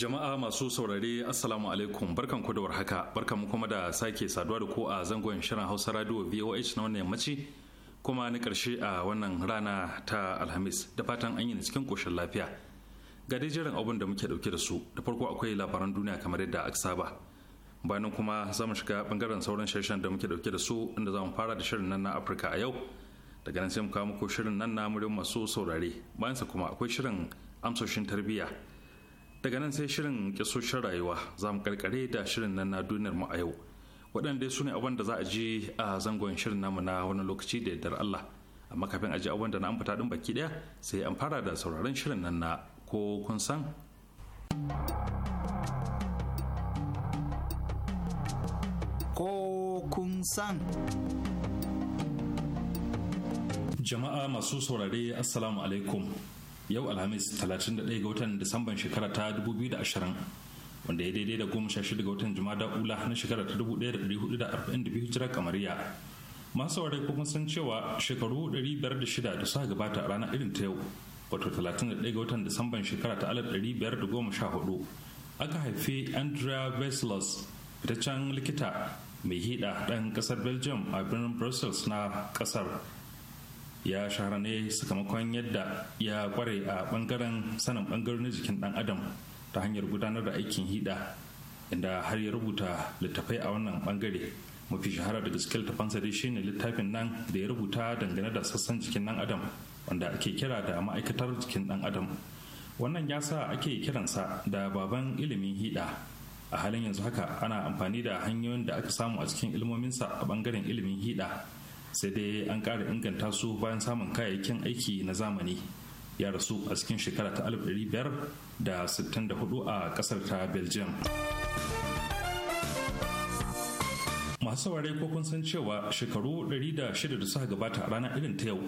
Jama'a masu saurare Assalamu alaikum barkan ku da warhaka barkan mu kuma da sake saduwa da ku a zangon shirin Hausa Radio VOH na wannan yammaci kuma na karshe a wannan rana ta Alhamis da fatan an yi cikin koshin lafiya. Ga dai jiran abin da muke dauke da su da farko akwai labaran duniya kamar yadda aka saba. Bayan kuma za mu shiga bangaren sauran shirin da muke dauke da su inda za mu fara da shirin nan na Afirka a yau. Daga nan sai mu kawo muku shirin nan na muryar masu saurare bayan bayansa kuma akwai shirin amsoshin tarbiyya daga nan sai shirin kisoshin rayuwa za mu karkare da shirin nan na duniyar mu a yau waɗanda su ne abin za a ji a zangon shirin namu na wani lokaci da yardar Allah amma kafin a ji abin da na amfata din baki ɗaya sai an fara da sauraron shirin nan na ko kun san ko kun san jama'a masu saurare assalamu alaikum yau alhamis 31 ga watan disamban shekara ta 2020 wanda ya daidai da goma sha shida ga watan jumada ula na shekara ta 1442 hijirar kamariya masu ware kuma san cewa shekaru 506 da suka gabata a ranar irin ta yau wato 31 ga watan disamban shekara ta 1514 aka haifi andrea veslos fitaccen likita mai hida ɗan ƙasar belgium a birnin brussels na ƙasar ya shahara ne sakamakon yadda ya kware a bangaren sanin na jikin dan adam ta hanyar gudanar da aikin hida inda har ya rubuta littafai a wannan bangare mafi shahara daga cikin sa dai shine littafin nan da ya rubuta dangane da sassan jikin dan adam wanda ake kira da ma'aikatar jikin dan adam wannan ya sa ake kiransa da baban ilimin hida a halin yanzu haka ana amfani da hanyoyin da aka samu a cikin ilmominsa a bangaren ilimin hida sai dai an ƙara inganta su bayan samun kayayyakin aiki na zamani ya rasu a cikin shekara ta 1564 a ƙasar ta belgium masu saurare ko kun san cewa shekaru 106 da suka gabata a rana irin ta yau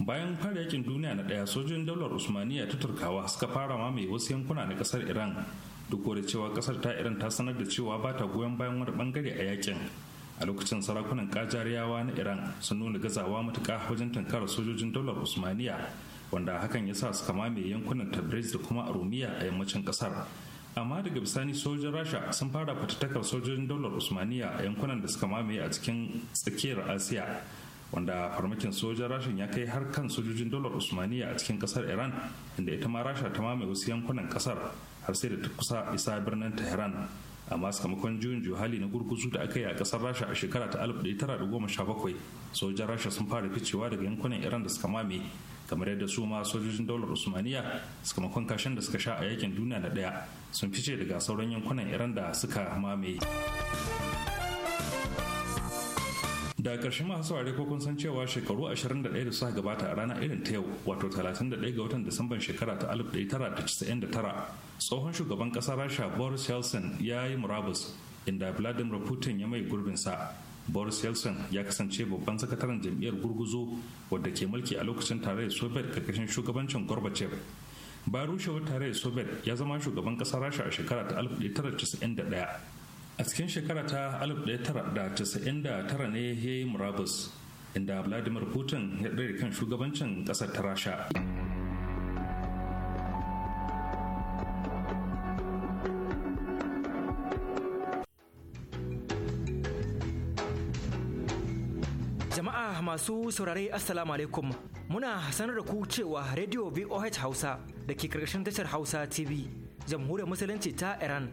bayan fara yakin duniya na daya sojin daular usmaniya ta turkawa suka fara mamaye wasu yankuna na kasar iran duk da cewa kasar ta iran ta sanar da cewa ba ta goyon bayan wani bangare a yakin a lokacin sarakunan kajariyawa na iran sun nuna gazawa matuka wajen tankarar sojojin daular usmaniya wanda hakan ya sa suka mame yankunan tabriz da kuma arumiya a yammacin kasar amma daga bisani sojin rasha sun fara fatattakar sojojin daular usmaniya a yankunan da suka mame a cikin tsakiyar asiya wanda farmakin sojan rashin ya kai har kan sojojin dolar usmaniya a cikin kasar iran inda ita ma rasha ta mame wasu yankunan kasar har sai da ta kusa isa birnin tehran amma sakamakon juyin hali na gurguzu da aka yi a kasar rasha a shekara ta 1917 sojan rasha sun fara ficewa daga yankunan iran da suka mame kamar yadda su ma sojojin daular usmaniya sakamakon kashin da suka sha a yakin duniya na daya sun fice daga sauran yankunan iran da suka mame da karshe masu saurare ko kun san cewa shekaru 21 da suka gabata a rana irin ta yau wato 31 ga watan disamban shekara ta 1999 tsohon shugaban ƙasar rasha boris yeltsin ya yi murabus inda vladimir putin ya mai gurbin sa boris yeltsin ya kasance babban sakataren jam'iyyar gurguzo wadda ke mulki a lokacin tarayyar soviet karkashin shugabancin gorbachev bayan rushewar tarayyar soviet ya zama shugaban kasar rasha a shekara ta 1991 a cikin shekara ta 1999 ne ya yi murabus inda vladimir putin ya ɗaya kan shugabancin ƙasar ta rasha jama'a masu saurare assalamu alaikum muna sanar da ku cewa radio voh hausa da ke karkashin tashar hausa tv jamhuriyar musulunci ta iran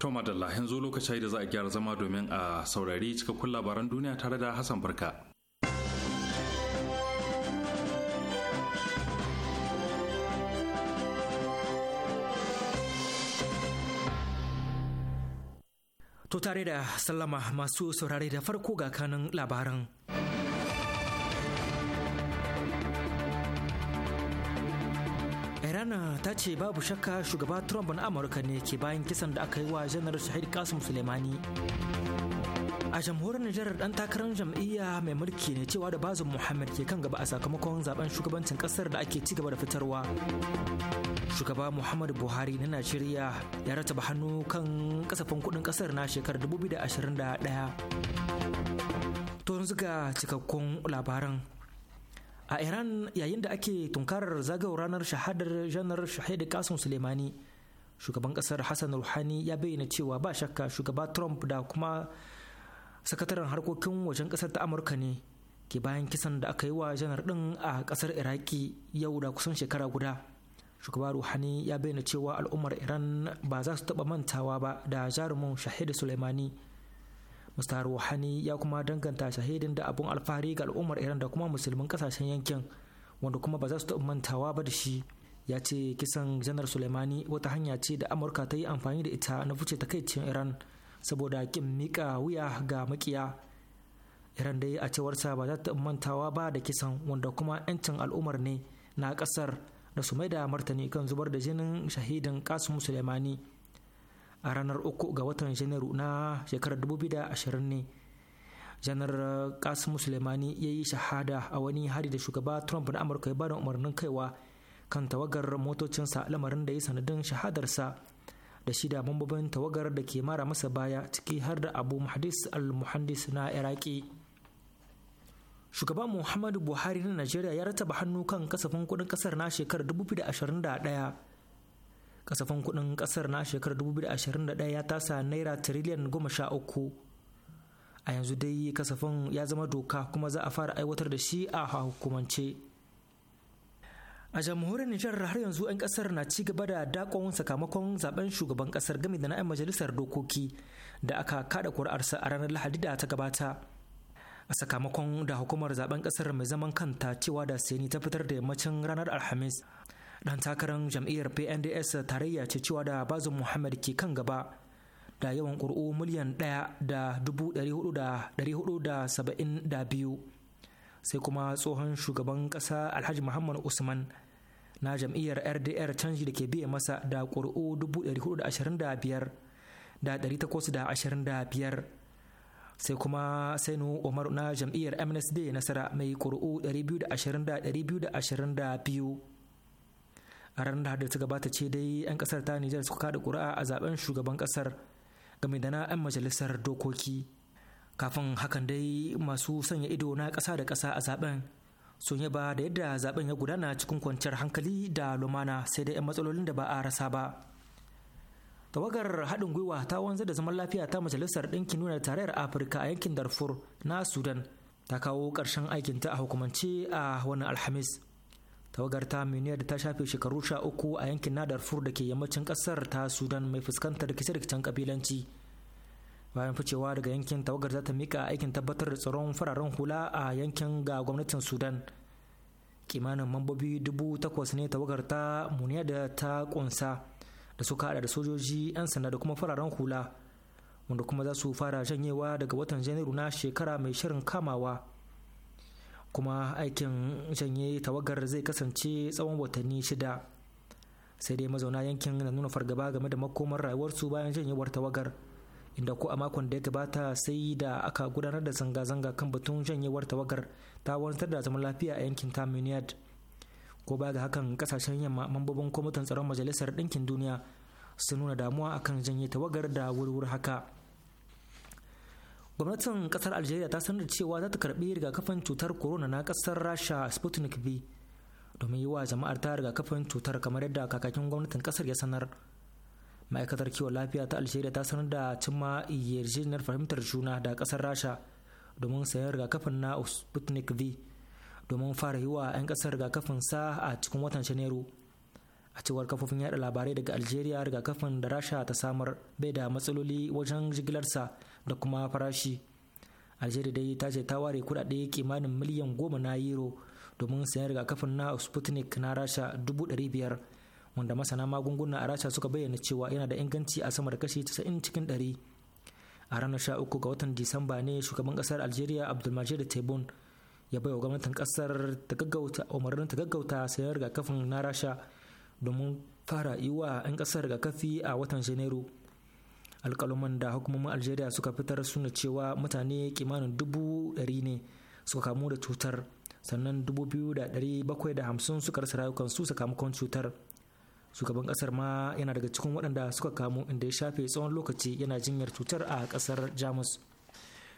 To madalla yanzu lokaci da za a gyara zama domin a saurari cikakkun labaran duniya tare da Hassan Barka. To tare da sallama masu saurare da farko ga kanin labaran. ce babu shakka shugaba Trump na Amurka ne ke bayan kisan da aka yi wa janar Shahid Kasim Suleimani. A jamhuriyar Nijar dan takarar jam'iyya mai mulki ne cewa da bazin Muhammad ke kan gaba a sakamakon zaben shugabancin kasar da ake ci gaba da fitarwa. Shugaba Muhammadu Buhari na Najeriya ya rataba hannu kan kasafin kudin kasar na shekarar 2021. To yanzu ga cikakkun labaran a iran yayin da ake tunkarar zagawar ranar shahadar janar shahid kasim sulemani shugaban kasar hassan ruhani ya bayyana cewa ba shakka shugaba trump da kuma sakataren harkokin wajen kasar ta amurka ne ke bayan kisan da aka yi wa janar din a kasar iraki yau da kusan shekara guda shugaba ruhani ya bayyana cewa al'ummar iran ba za su taba mantawa ba da jarumin shahid sulemani. Mr. Rouhani ya kuma danganta shahidin da abun alfahari ga al'ummar Iran da kuma musulmin kasashen yankin wanda kuma ba za su mantawa ba da shi ya ce kisan janar Suleimani wata hanya ce da Amurka ta yi amfani da ita na fice takaicin Iran saboda kin mika wuya ga makiya Iran dai a cewarsa ba za ta mantawa ba da kisan wanda kuma 'yancin al'ummar ne na kasar da su mai da martani kan zubar da jinin shahidin Qasim Suleimani. a ranar uku ga watan janairu na shekarar 2020 ne janar kasim eh, sulemani ya yi shahada a wani hari da shugaba trump na amurka ya bada umarnin kaiwa kan tawagar motocinsa lamarin da ya sanadin shahadarsa da shida mambobin tawagar da ke mara masa baya ciki har da abu muhadis al-muhandis na iraki shugaban muhammadu buhari na najeriya ya rataba hannu kan kasafin kudin kasar na shekarar 2021 kasafin kudin kasar na shekarar 2021 ya tasa naira tiriliyan 13 sha uku a yanzu dai kasafin ya zama doka kuma za a fara aiwatar da shi a hukumance a jamhuriyar nijar har yanzu 'yan kasar na ci gaba da dakon sakamakon zaben shugaban kasar gami da na'yan majalisar dokoki da aka kada kuri'arsa a ranar lahadi da ta gabata a sakamakon da hukumar zaben kasar mai zaman kanta cewa da seni ta fitar da yammacin ranar alhamis dan takarar jam'iyyar pnds tarayya ce cewa da bazin muhammad ke kan gaba da yawan ƙuri'u miliyan ɗaya da dubu dari hudu da saba'in da biyu sai kuma tsohon shugaban ƙasa alhaji muhammad usman na jam'iyyar rdr canji da ke biya masa da ƙuri'u dubu dari hudu da ashirin da biyar da dari takwas da ashirin da biyar sai kuma sainu Umaru na jam'iyyar msd nasara mai ƙuri'u dari biyu da ashirin da biyu a ranar da ta gabata ce dai 'yan kasar ta nijar suka kada kuri'a a zaben shugaban kasar game da na 'yan majalisar dokoki kafin hakan dai masu sanya ido na kasa da kasa a zaben sun yaba da yadda zaben ya gudana cikin kwanciyar hankali da lumana sai dai 'yan matsalolin da ba a rasa ba tawagar haɗin gwiwa ta wanzar da zaman lafiya ta majalisar ɗinkin nuna tarayyar afirka a yankin darfur na sudan ta kawo ƙarshen aikinta a hukumance a wannan alhamis tawagar ta da ta shafe shekaru sha uku a yankin na darfur da ke yammacin kasar ta sudan mai fuskantar rikice-rikicen kabilanci bayan ficewa daga yankin tawagar za ta mika aikin tabbatar da tsaron fararen hula a yankin ga gwamnatin sudan kimanin mambobi dubu takwas ne tawagar ta muniyar da ta kunsa da suka hada da sojoji 'yan sanda da kuma fararen hula wanda kuma za su fara janyewa daga watan janairu na shekara mai shirin kamawa kuma aikin janye tawagar zai kasance tsawon watanni shida sai dai mazauna yankin na nuna fargaba game da makomar rayuwarsu bayan janyewar tawagar inda ko a makon da ya gabata sai da aka gudanar da zanga-zanga kan batun janyewar tawagar ta wanzar da zaman lafiya a yankin tamuniyad ko baya ga hakan kasashen yamma mambobin kwamitin tsaron majalisar ɗinkin duniya su nuna damuwa akan janye tawagar da wurwur haka gwamnatin kasar algeria ta sanar cewa za ta karbi rigakafin cutar corona na kasar rasha sputnik v domin yi wa jama'ar ta rigakafin cutar kamar yadda kakakin gwamnatin kasar ya sanar ma'aikatar kiwon lafiya ta algeria ta sanar da cimma yarjejeniyar fahimtar juna da kasar rasha domin sayan rigakafin na sputnik v domin fara yi wa 'yan kasar rigakafin sa a cikin watan janairu a cewar kafofin yada labarai daga algeria rigakafin da rasha ta samar bai da matsaloli wajen jigilarsa da kuma farashi algeria dai ta ce ta ware kudade kimanin miliyan goma na euro domin sayan rigakafin na sputnik na rasha dubu biyar wanda masana magunguna a rasha suka bayyana cewa yana da inganci a sama da kashi 90 cikin ɗari a ranar uku ga watan disamba ne shugaban kasar algeria abdulmajid tebun ya bai wa gwamnatin kasar umarnin ta gaggauta sayan rigakafin na rasha domin fara yi wa 'yan kasar rigakafi a watan janairu alkaluman da hukumomin algeria suka fitar suna cewa mutane kimanin dubu ɗari ne suka kamu da cutar sannan dubu biyu da ɗari bakwai da hamsin suka rasa rayukan su sakamakon cutar shugaban ƙasar ma yana daga cikin waɗanda suka kamu inda ya shafe tsawon lokaci yana jinyar cutar a ƙasar jamus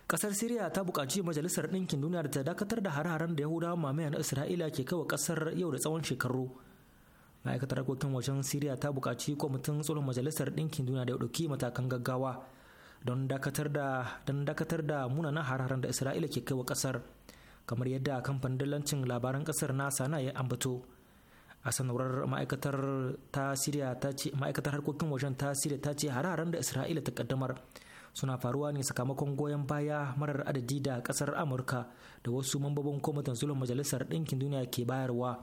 ƙasar syria ta buƙaci majalisar ɗinkin duniya da ta dakatar da hare-haren da yahudawa mamayan isra'ila ke kawo ƙasar yau da tsawon shekaru ma'aikatar harkokin wajen siriya ta bukaci kwamitin tsoron majalisar ɗinkin duniya da ya ɗauki matakan gaggawa don dakatar da don munanan hararen da isra'ila ke kai wa ƙasar kamar yadda kamfanin dalancin labaran ƙasar na sana ya ambato a sanarwar ma'aikatar ta siriya ta ce ma'aikatar harkokin wajen ta siriya ta ce hararen da isra'ila ta kaddamar suna faruwa ne sakamakon goyon baya marar adadi da kasar amurka da wasu mambobin kwamitin tsoron majalisar ɗinkin duniya ke bayarwa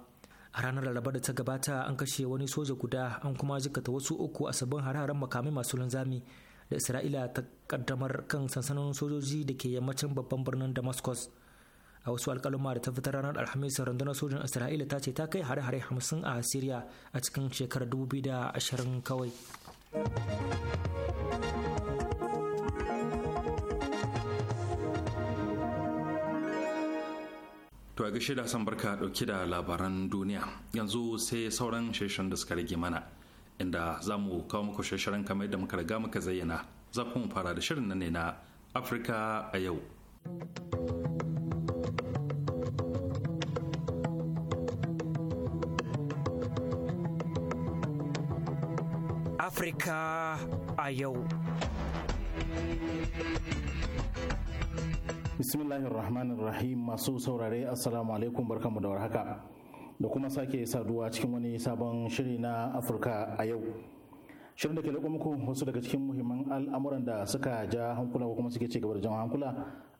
a ranar laraba da ta gabata an kashe wani soja guda an kuma jikata wasu uku a sabbin hare-haren makamai masu linzami da isra'ila ta kaddamar kan sansanin sojoji da ke yammacin babban birnin damascus a wasu alkaluma da ta fitar ranar alhamis rundunar sojan isra'ila ta ce ta kai hare-hare hamsin a syria a cikin shekarar 2020 kawai To a gashi da san barka dauke da labaran duniya yanzu sai sauran shirin da suka rage mana inda za mu kawo muku shirin kamar yadda muka riga muka zayyana za kuma fara da shirin nan ne na Afirka a yau. Afirka a yau. bismillahir rahmanir rahim masu saurare assalamu alaikum barkamu da warhaka da kuma sake saduwa cikin wani sabon shiri na afirka a yau shirin da ke da muku wasu daga cikin muhimman al'amuran da suka ja hankula ko kuma suke ci gaba da jan hankula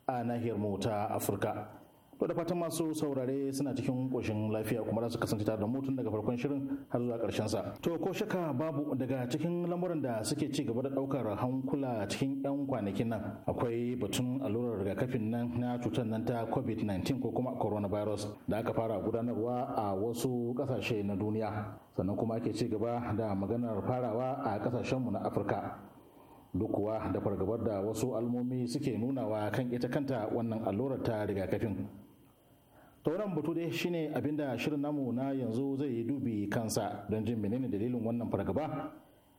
a nahiyar mu ta afirka To da fatan masu saurare suna cikin ƙoshin lafiya kuma za su kasance tare da mutum daga farkon shirin har zuwa ƙarshen sa. To ko shaka babu daga cikin lamuran da suke ci gaba da ɗaukar hankula cikin 'yan kwanakin nan akwai batun allurar rigakafin nan na cutar nan ta COVID-19 ko kuma coronavirus da aka fara gudanarwa a wasu ƙasashe na duniya. Sannan kuma ake ci gaba da maganar farawa a ƙasashenmu na Afirka. duk kuwa da fargabar da wasu almomi suke nunawa kan ita kanta wannan allurar ta rigakafin tauran batu dai shine abinda shirin namu na yanzu zai yi dubi kansa don jin menene dalilin wannan fargaba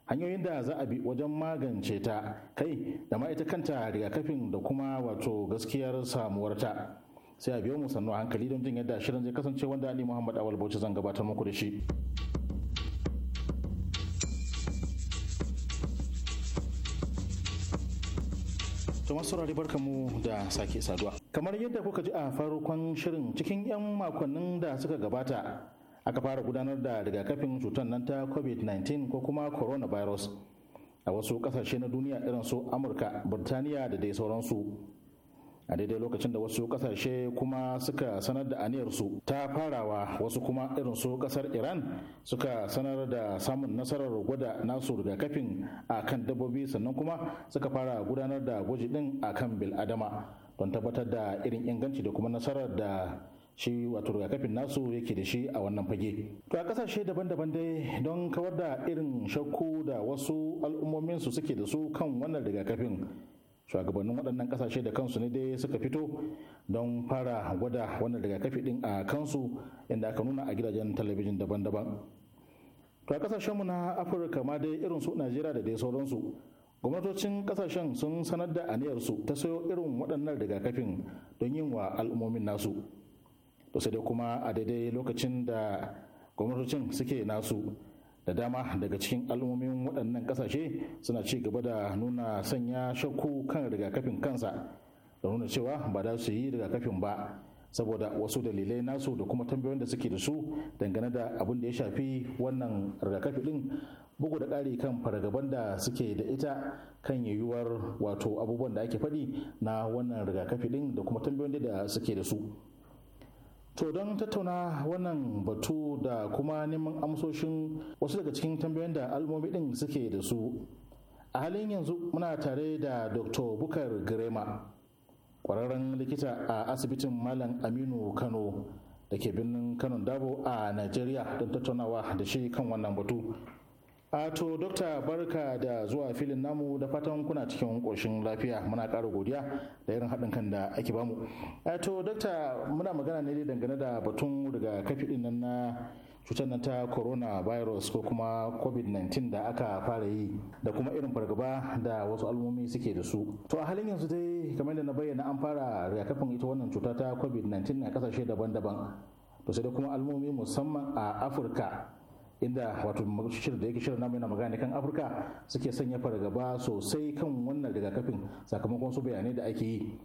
hanyoyin da za a bi wajen magance ta kai da ma ita kanta rigakafin da kuma wato gaskiyar samuwar ta sai a biyo mu sannu hankali don jin yadda shirin zai kasance wanda ali muhammad awal bauchi zan gabatar muku da shi To masu saurari barkamu da sake saduwa. Kamar yadda kuka ji a farkon shirin cikin 'yan makonnin da suka gabata aka fara gudanar da rigakafin cutar nan ta COVID-19 ko kuma coronavirus a wasu kasashe na duniya irin su Amurka, Birtaniya da dai sauransu. a daidai lokacin da wasu kasashe kuma suka sanar da aniyarsu ta farawa wasu kuma irin su kasar iran suka sanar da samun nasarar gwada nasu rigakafin a kan dabbobi sannan kuma suka fara gudanar da gwaji din a kan bil'adama don tabbatar da irin inganci da kuma nasarar da shi wato rigakafin nasu yake da shi a wannan fage. To a kasashe daban-daban dai don kawar da irin shakku da wasu al'ummomin su suke da su kan wannan rigakafin shugabannin waɗannan ƙasashe da kansu ne dai suka fito don fara gwada wannan rigakafi ɗin a kansu inda aka nuna a gidajen talabijin daban-daban to a ƙasashenmu na afirka ma dai irin su najeriya da dai sauransu gwamnatocin ƙasashen sun sanar da aniyarsu ta sayo irin waɗannan rigakafin don yin wa al'ummomin nasu to sai dai kuma a daidai lokacin da gwamnatocin suke nasu da dama daga cikin al'ummomin waɗannan ƙasashe suna ci gaba da nuna sanya shakku kan rigakafin kansa da nuna cewa ba za su yi rigakafin ba saboda wasu dalilai nasu da kuma tambayoyin da suke da su dangane da abin da ya shafi wannan rigakafi din bugu da ƙari kan fargaban da suke da ita kan yiwuwar wato abubuwan da ake faɗi na wannan rigakafi din da kuma tambayoyin da suke da su To don tattauna wannan batu da kuma neman amsoshin wasu daga cikin tambayoyin da al'ummomi ɗin suke da su. A halin yanzu muna tare da Dr. Bukar Girema, ƙwararren likita a asibitin Malam Aminu Kano da ke birnin Kano Dabo a Najeriya don tattaunawa da shi kan wannan batu. a to dokta barka da zuwa filin namu da fatan kuna cikin ƙoshin lafiya muna ƙara godiya da irin haɗin kan da ake bamu a to dokta muna magana ne dangane da batun daga rigakafi ɗin nan na cutar nan ta coronavirus ko kuma covid-19 da aka fara yi da kuma irin fargaba da wasu al'ummomi suke da su to a halin yanzu dai kamar da na bayyana an fara rigakafin ita wannan cuta ta covid-19 a kasashe daban-daban to sai da kuma al'ummomi musamman a afirka inda wato shirin da yake shirin namu magana kan afirka suke sanya fargaba sosai kan wannan rigakafin sakamakon su bayanai da ake yi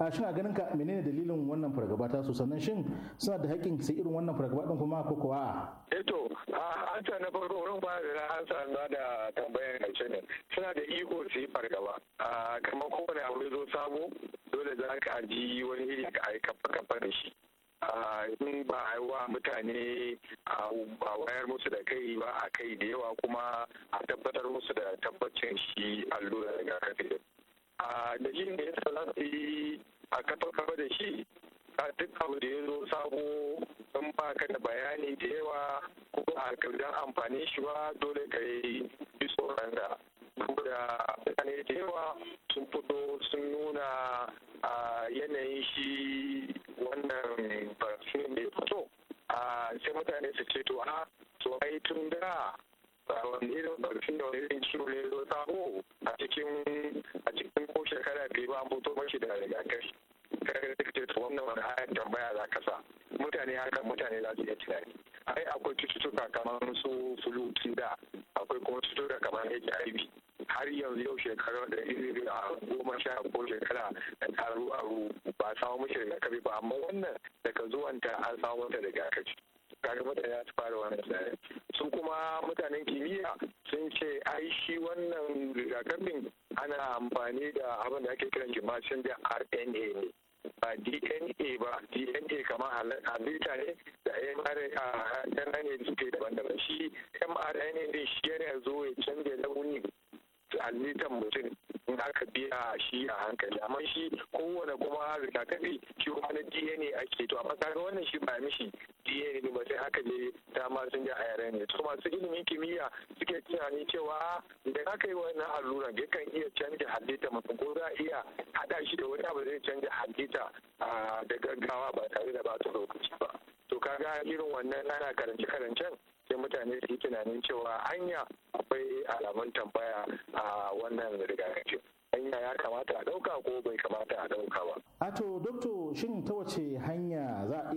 a shin a ganin ka menene dalilin wannan fargaba ta su sannan shin suna da haƙƙin sai irin wannan fargaba din kuma ko kuwa eto eh a hanta na farko wurin ba da na na da tambayar ƙarshe ne suna da iko su yi fargaba a kamar kowane abu zo sabo dole za ka ji wani iri ka aika kafa da shi Ah, in ba a yi wa mutane a wayar musu da kai ba a kai da yawa kuma a tabbatar musu da tabbacin shi allura rigakafi ah, da shi ne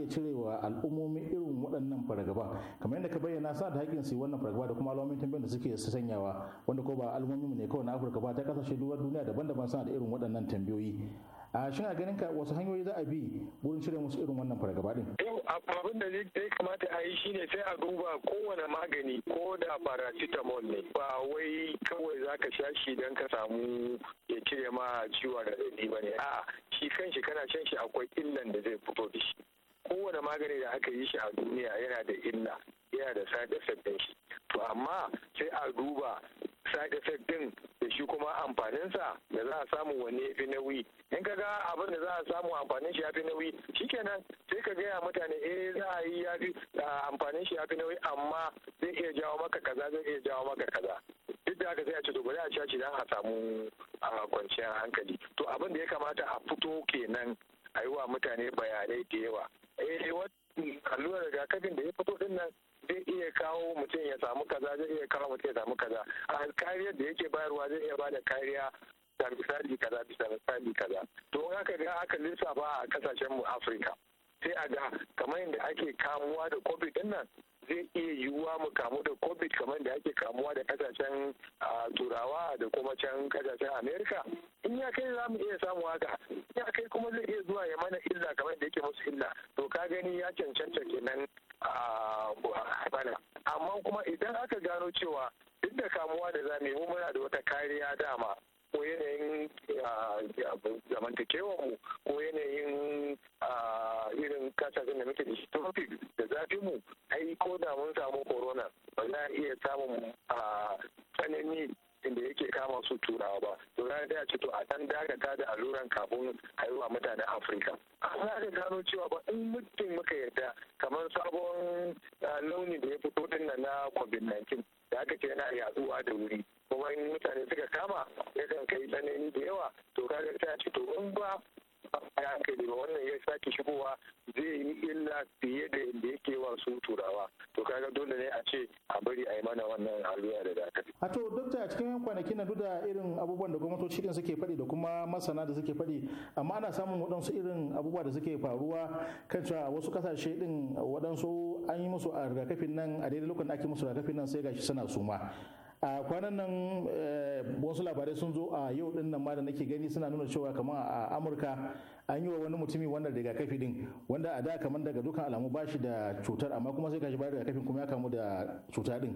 iya cirewa al'ummomi irin waɗannan fargaba kamar yadda ka bayyana sa da haƙƙin su wannan fargaba da kuma alamomin tambayar da suke sanyawa wanda ko ba al'ummomi ne kawai na Afirka ba ta kasashe duwar duniya daban-daban suna da irin waɗannan tambayoyi a shin a ganin ka wasu hanyoyi za a bi wurin cire musu irin wannan fargaba din to abin da zai kamata a yi ne sai a duba kowane magani ko da paracetamol ne ba wai kawai zaka sha shi don ka samu ya cire ma ciwon ba ne. a shi kan shi kana shan shi akwai illan da zai fito da shi kowane magani da aka yi shi a duniya yana da illa yana da side effect din shi to amma sai a duba side effect din da shi kuma amfaninsa da za a samu wanne ya fi nauyi in ka ga abin da za a samu amfanin shi ya fi nauyi shikenan sai ka gaya mutane eh za a yi ya fi amfanin shi ya fi nauyi amma zai iya jawo maka kaza zai iya jawo maka kaza duk da haka sai a ce to bari a ci shi dan a samu kwanciyar hankali to abin da ya kamata a fito kenan a yi wa mutane bayanai da yawa eh allurar rigakafin da ya fito din nan zai iya kawo mutum ya samu kaza zai iya kawo mutum ya samu kaza a kariyar da yake bayarwa zai iya bada kariya da misali kaza bisa misali kaza to haka aka ga aka lissafa a kasashen mu afirka sai a ga kamar yadda ake kamuwa da covid din nan zai iya yiwuwa mu kamu da covid kamar da ake kamuwa da kasashen turawa da kuma can kasashen america in ya kai za mu iya samu haka in ya kai kuma zai iya zuwa ya mana illa kamar da yake musu illa to ka gani ya cancanta kenan a bana amma kuma idan aka gano cewa duk da kamuwa da zamu yi mu muna da wata kariya dama ko yanayin ah, zamantakewar mu ko yanayin ah, irin kasashen da muke da shi topic da zafi mu ai ko da mun samu corona ba za a iya samun ah, tsanani inda yake kama su turawa ba to ya da ce to a dan dakata da alluran kafin haihuwa mutanen afirka amma da gano cewa ba in mutum muka yarda kamar sabon launi da ya fito din na covid-19 da aka ce yana yaduwa da wuri kuma in mutane suka kama yakan kai tsanani da yawa to kaga ta ce to in ba ya kai ba wannan ya sake shigowa zai yi illa fiye da yadda yake wa su turawa to kaga dole ne a ce a bari a yi mana wannan haluya da dakati. a to dokta cikin yan kwanakin nan duk da irin abubuwan da gwamnatoci din suke faɗi da kuma masana da suke faɗi amma ana samun waɗansu irin abubuwa da suke faruwa kan cewa wasu ƙasashe din waɗansu an yi musu a rigakafin nan a daidai lokacin da ake musu rigakafin nan sai gashi suna suma a kwanan nan eh, wasu labarai sun zo a yau din nan ma da nake gani suna nuna cewa kamar a amurka an yi wa wani mutumi wannan rigakafi din wanda a da kamar daga dukan alamu bashi da cutar amma kuma sai kashi ba rigakafin kuma ya kamu da cuta din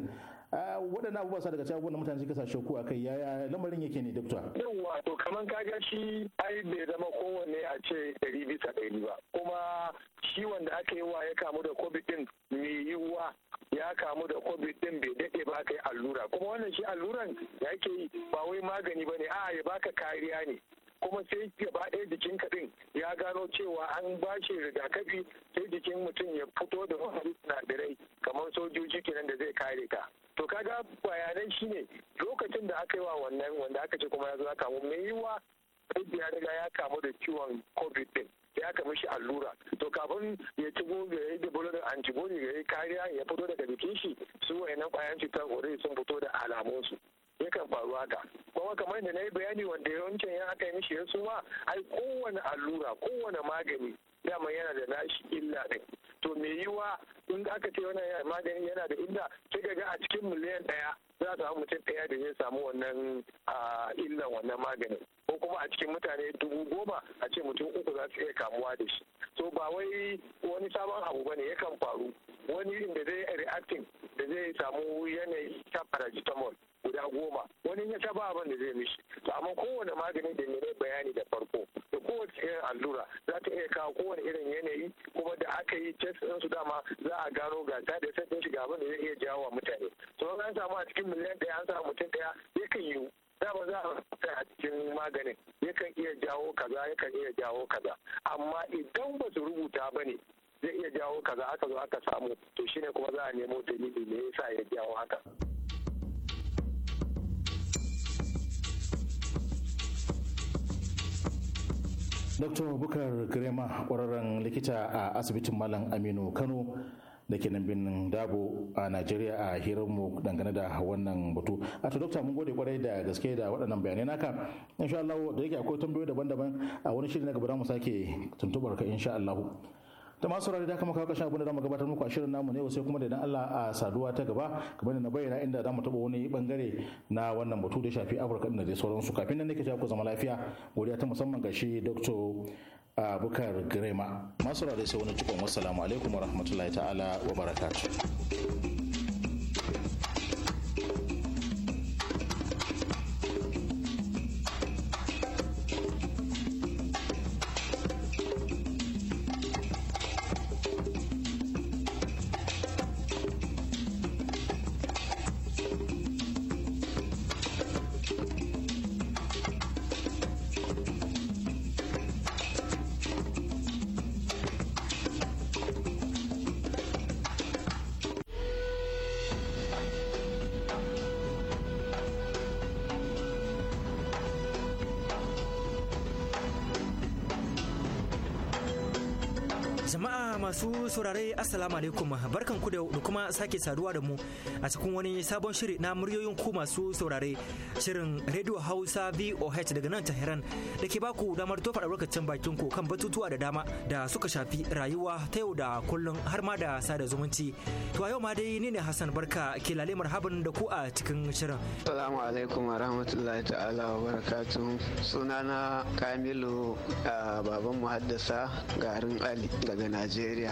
Ah, waɗannan abubuwa sa daga cikin abubuwan mutane suka sashe a kai yaya lamarin yake ne dokta yawwa to kamar kaga shi ai bai zama kowanne a ce ɗari bisa ɗari ba kuma shi wanda aka yi wa ya kamu da covid din mai yiwuwa ya kamu da covid din bai daɗe ba aka yi allura kuma wannan shi alluran da ake yi ba wai magani ba ne a'a ya baka kariya ne kuma sai gaba ɗaya jikin kaɗin ya gano cewa an ba shi rigakafi sai jikin mutum ya fito da wani sinadarai kamar sojoji kenan da zai kare ka to kaga bayanan shi ne lokacin da aka yi wa wannan wanda aka ce kuma ya zo ya kamu mai wa ya riga ya kamu da ciwon covid din ya kamu shi allura to kafin ya ci gobe ya yi da antibody ya yi kariya ya fito daga jikin shi su wayannan kwayan cutar already sun fito da alamunsu yakan faru haka kuma kamar da na yi bayani wanda yawancin ya aka yi mishi ya suma ai kowane allura kowane magani dama yana da nashi illa ɗin to me yiwa in aka ce wannan magani yana da illa ta gaga a cikin miliyan ɗaya za ta samu mutum ɗaya da zai samu wannan illan wannan maganin ko kuma a cikin mutane dubu goma a ce mutum uku za su iya kamuwa da shi to ba wai wani sabon abu bane yakan faru wani inda zai reacting da zai samu yanayi ta paracetamol guda goma wani ya taba abin da zai mishi to amma kowane maganin da ne bayani da farko da kowace irin allura za ta iya kawo kowane irin yanayi kuma da aka yi test din su dama za a gano ga ta da sabbin shiga abin da zai iya jawo wa mutane to an samu a cikin miliyan ɗaya an samu mutum ɗaya kan yiwu dama za a a cikin maganin ya kan iya jawo kaza ya kan iya jawo kaza amma idan ba su rubuta ba ne zai iya jawo kaza aka zo aka samu to shine kuma za a nemo dalili ne sa ya jawo haka. dr bukar grema kwararren likita a asibitin malam aminu kano da ke nan birnin dabo a najeriya a hirarmu dangane da wannan batu a to Dr. mun gode kwarai da gaske da waɗannan bayanai naka insha Allah da yake akwai tambayoyi daban-daban a wani shiri na gaba mu sake tuntubar ka insha Allah da masu rari da kama kawo kashin abin da zamu gabatar muku a shirin namu ne sai kuma da idan Allah a saduwa ta gaba kamar da na bayyana inda za mu taɓa wani bangare na wannan batu da shafi Afirka da dai sauransu kafin nan nake ku zama lafiya godiya ta musamman ga shi Dr. Abubakar Grema masu rari sai wani cikon wassalamu alaikum wa rahmatullahi ta'ala wa barakatuh masu saurare assalamu alaikum barkan ku da kuma sake saduwa da mu a cikin wani sabon shiri na muryoyin ku masu saurare shirin Radio Hausa VOH daga nan Tehran da ke baku damar tofa albarkacin bakin ku kan batutuwa da dama da suka shafi rayuwa ta yau da kullun har ma da sada zumunci. To a yau ma dai ni ne Hassan Barka ke lale marhaban da ku a cikin shirin. Assalamu alaikum wa rahmatullahi ta'ala wa barakatuh. Sunana Kamilu baban muhaddasa garin Ali daga Najeriya.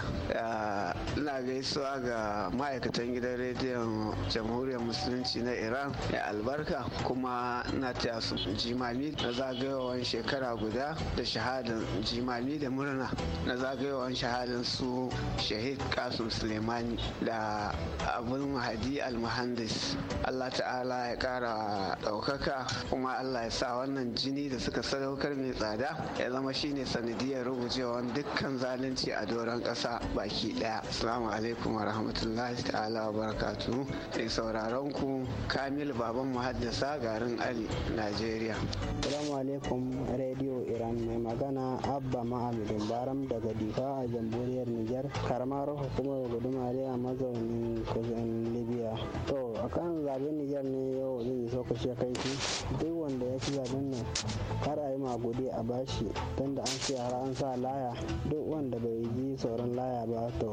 Ina gaisuwa ga ma'aikatan gidan rediyon Jamhuriyar Musulunci na Iran ya albarka kuma ina taya su jimami na zagayowar shekara guda da shahadin jimami da murna na zagayowar shahadin su shahid kasum suleimani da abul mahadi almuhandis allah ta'ala ya kara daukaka kuma allah ya sa wannan jini da suka sadaukar mai tsada ya zama shine sanadiyar rubucewar dukkan zalunci a doron ƙasa baki ɗaya assalamu alaikum wa rahmatullahi ta'ala wa barakatu sauraron ku kamil baban muhaddisa garin ali nigeria salamu alaikum radio iran mai magana abba Ma'amudin baram daga difa a jamhuriyar niger karamar hukumar gudumare a mazaunin kusan libya to kan zaben niger ne yau so yi sokaci kai duk wanda ya ci zaben nan har a yi magudi a bashi da an ce har an sa laya duk wanda bai ji sauran laya ba to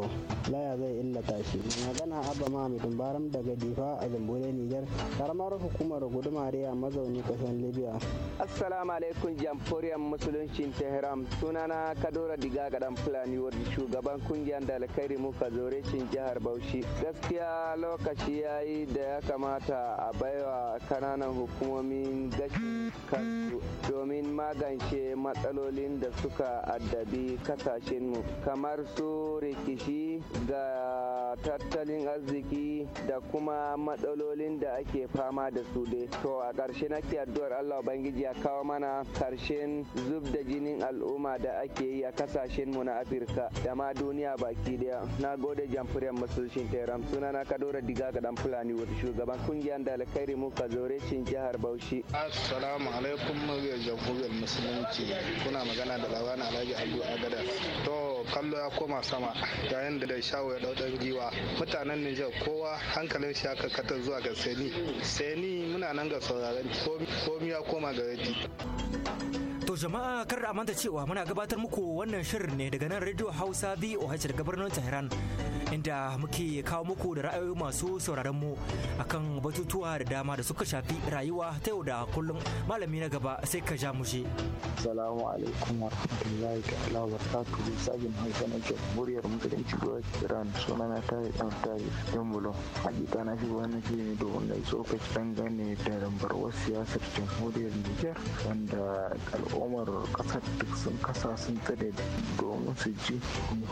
laya zai illata shi magana abba Ma'amudin baram daga difa a jamhuriyar niger karamar hukumar gudumare Mariya mazaunin ƙasar Libya. Assalamu alaikum jamhuriyar musuluncin Tehran sunana Kadora Diga gadan Fulani wadda shugaban kungiyar alkhairi muka Zorecin jihar Bauchi. Gaskiya lokaci ya yi da ya kamata a baiwa kananan hukumomin gashi kansu domin magance matsalolin da suka addabi kasashenmu kamar su rikici ga tattalin arziki da kuma matsalolin da ake fama da su dai. To a ƙarshe nake addu'ar Allah Ubangiji ya kawo mana ƙarshen zub da jinin al'umma da ake yi a kasashen mu na Afirka da ma duniya baki daya. Na gode jamhuriyar musulcin na ka Kadora Diga ga dan Fulani wata shugaban kungiyar mu ka zore cin jihar Bauchi. Assalamu alaikum muryar jamhuriyar musulunci kuna magana da labarin Alhaji Abdu Agada. To kallo ya koma sama yayin da da shawo ya ɗau giwa mutanen Nijar kowa hankalin shi aka kata zuwa ga Seni. Seni muna nan ga sauraron komi ya koma gare jama'a kar a manta cewa muna gabatar muku wannan shirin ne daga nan Radio Hausa VOH daga birnin Tehran inda muke kawo muku da ra'ayoyi masu sauraron mu akan batutuwa da dama da suka shafi rayuwa ta yau da kullum malami na gaba sai ka ja mu je. Assalamu alaikum wa rahmatullahi ta'ala wa barakatuhu sabin hausa na ke muryar musulunci ko kiran suna na tare dan tare yan bulo hakika na shigo wannan shiri ne domin da tsokaci dangane da rambarwar siyasar jamhuriyar Nijar wanda al'umma al'ummar kasar duk sun kasa sun tsare domin su ji